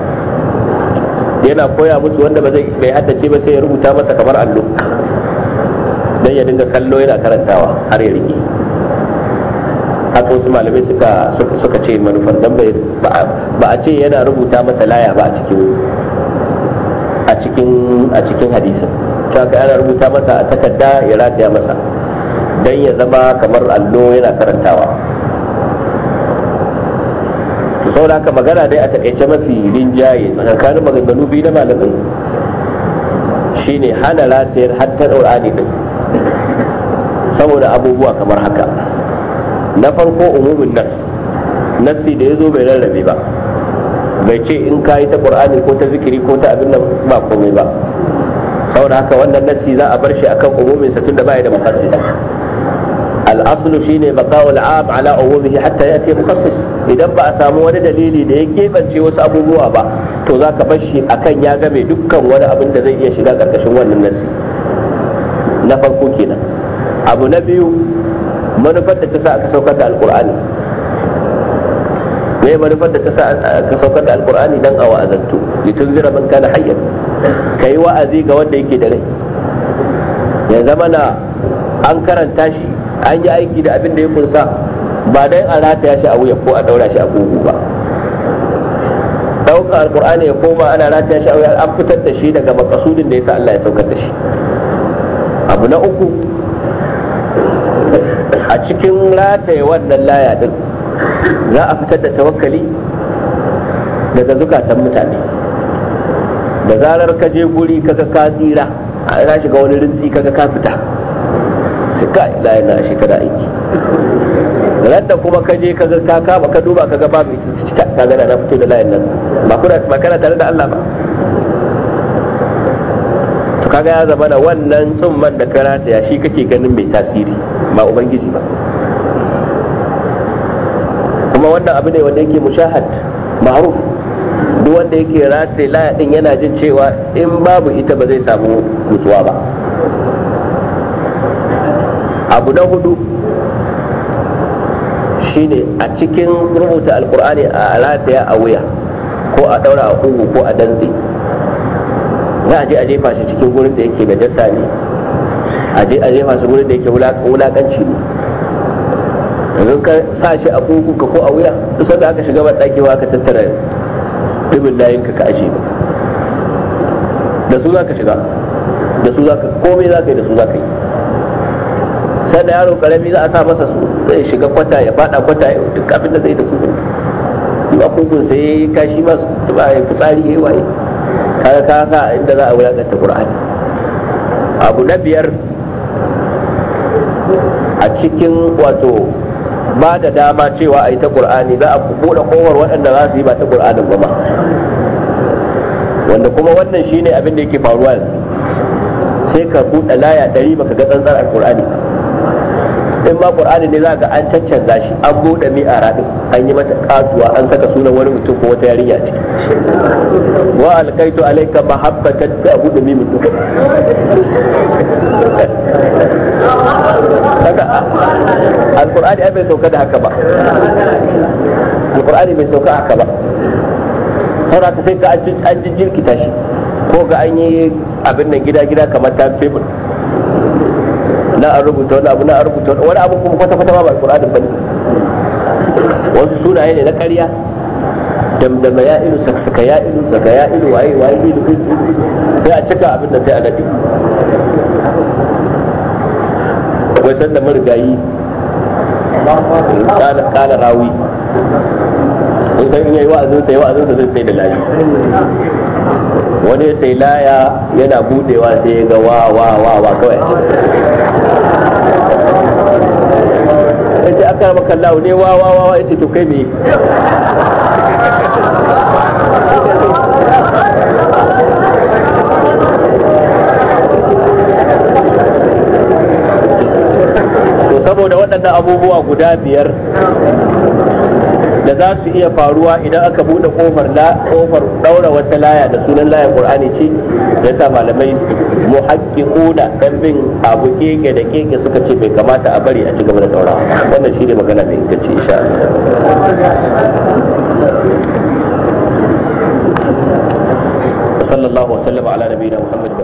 yana koya musu wanda ba zai bai haddace ba sai ya rubuta masa kamar allo dan ya dinga kallo yana karantawa har ya rike haka wasu malamai suka ce manufar dan bai ba a ce yana rubuta masa laya ba a cikin a cikin hadisin to haka ana rubuta masa a takarda ya rataya masa dan ya zama kamar allo yana karantawa to da haka magana dai a takaice mafi rinjaye tsakanin maganganu biyu na malamin shine hana ratayar hatta qur'ani din saboda abubuwa kamar haka na farko umumin nas nassi da ya zo bai rarrabe ba bai ce in ka yi ta qur'ani ko ta zikiri ko ta abin da ba komai ba saboda haka wannan nassi za a bar shi akan umumin sa tunda bai da mukassis al-aslu shine baqa'u al-am ala umumihi hatta yati mukassis idan ba a samu wani dalili da ya keɓance wasu abubuwa ba to za ka bar shi akan ya game dukkan wani abin da zai iya shiga karkashin wannan nassi na farko kenan abu na biyu manufar da ta sa aka saukar da alkur'ani me manufar da ta sa ka saukar da alkur'ani dan a wa'azantu litunzira man kana hayyan kai wa'azi ga wanda yake da rai ya zama na an karanta shi an yi aiki da abin da ya kunsa ba dan a rataya shi a wuya ko a daura shi a kogo ba daukar alkur'ani ya koma ana rataya shi a wuya an fitar da shi daga makasudin da yasa Allah ya saukar da shi abu na uku a cikin rataye wannan laya din za a fitar da tawakkali daga zukatan mutane da zarar ka je guri kaga ka tsira za shiga wani rintsi kaga ka fita su kai la na shi kada aiki ran da kuma ka je kaga ka kama ka duba kaga babu ita cika kaga na fito da layin nan ba kuna makana kana tare da Allah ba to kaga ya zama da wannan tsumman da karata ya shi kake ganin mai tasiri ba ubangiji ba kuma wannan abu ne wanda yake mushahad ma'ruf duk wanda yake rataye laya din yana jin cewa in babu ita ba zai samu nutsuwa ba abu na hudu shine a cikin rubuta alkur'ani a rataya a wuya ko a daura a kugu ko a dantse za a je a jefa shi cikin gurin da yake najasa ne a je a jefa shi gurin da yake wulakanci ne yanzu ka sa shi a kugunka ko a wuya duk sanda aka shiga ba daki ba ka tattara dubin layin ka ka aje ba da su za ka shiga da su za ka komai za ka yi da su za ka yi sanda yaro karami za a sa masa su zai shiga kwata ya fada kwata ya duk abin da zai da su in ba kugun sai ya yi kashi ba su ba ya fitsari ya yi waye kaga ka sa inda za a wulakanta qur'ani abu na biyar a cikin wato ba da dama cewa a yi ta qur'ani za a buɗe kowar waɗanda za su yi ba ta qur'anin ba ma wanda kuma wannan shine abin da yake faruwa sai ka buɗe laya ɗari baka ga tsantsar alƙur'ani in ma ƙur'ani ne za ka an caccanza shi an buɗe mi a an yi mata katuwa an saka sunan wani mutum ko wata yarinya ciki wa alkaitu alaika mahabbatan ta buɗe mi mutum alkur'ani ai bai sauka da haka ba alkur'ani bai sauka haka ba saboda ka sai ka an jirkita shi ko ga an yi abin nan gida-gida kamar timetable na an rubuta wani abu na an rubuta wani abu kuma kwata-kwata ba alqur'anin bane wasu sunaye ne na ƙarya damdama ya ilu saksaka ya ilu saka ya ilu waye waye ilu ilu sai a cika abin da sai a daɗe akwai sanda marigayi kala rawi in san yi wa'azin sai wa'azin sa zai sai da layi wani sai laya yana budewa sai ya ga wa wa wa wa kawai ya ce aka maka lawo ne wa wa wa ya ce to kai me da abubuwa guda biyar da za su iya faruwa idan aka buɗe kofar kofar daura wata laya da sunan laya qur'ani ce da sa malamai haƙƙi muhaqqiquna dan bin abu keke da keke suka ce bai kamata a bari a ci gaba da daura wannan shine magana mai inganci insha Allah sallallahu wa sallam ala nabiyina muhammad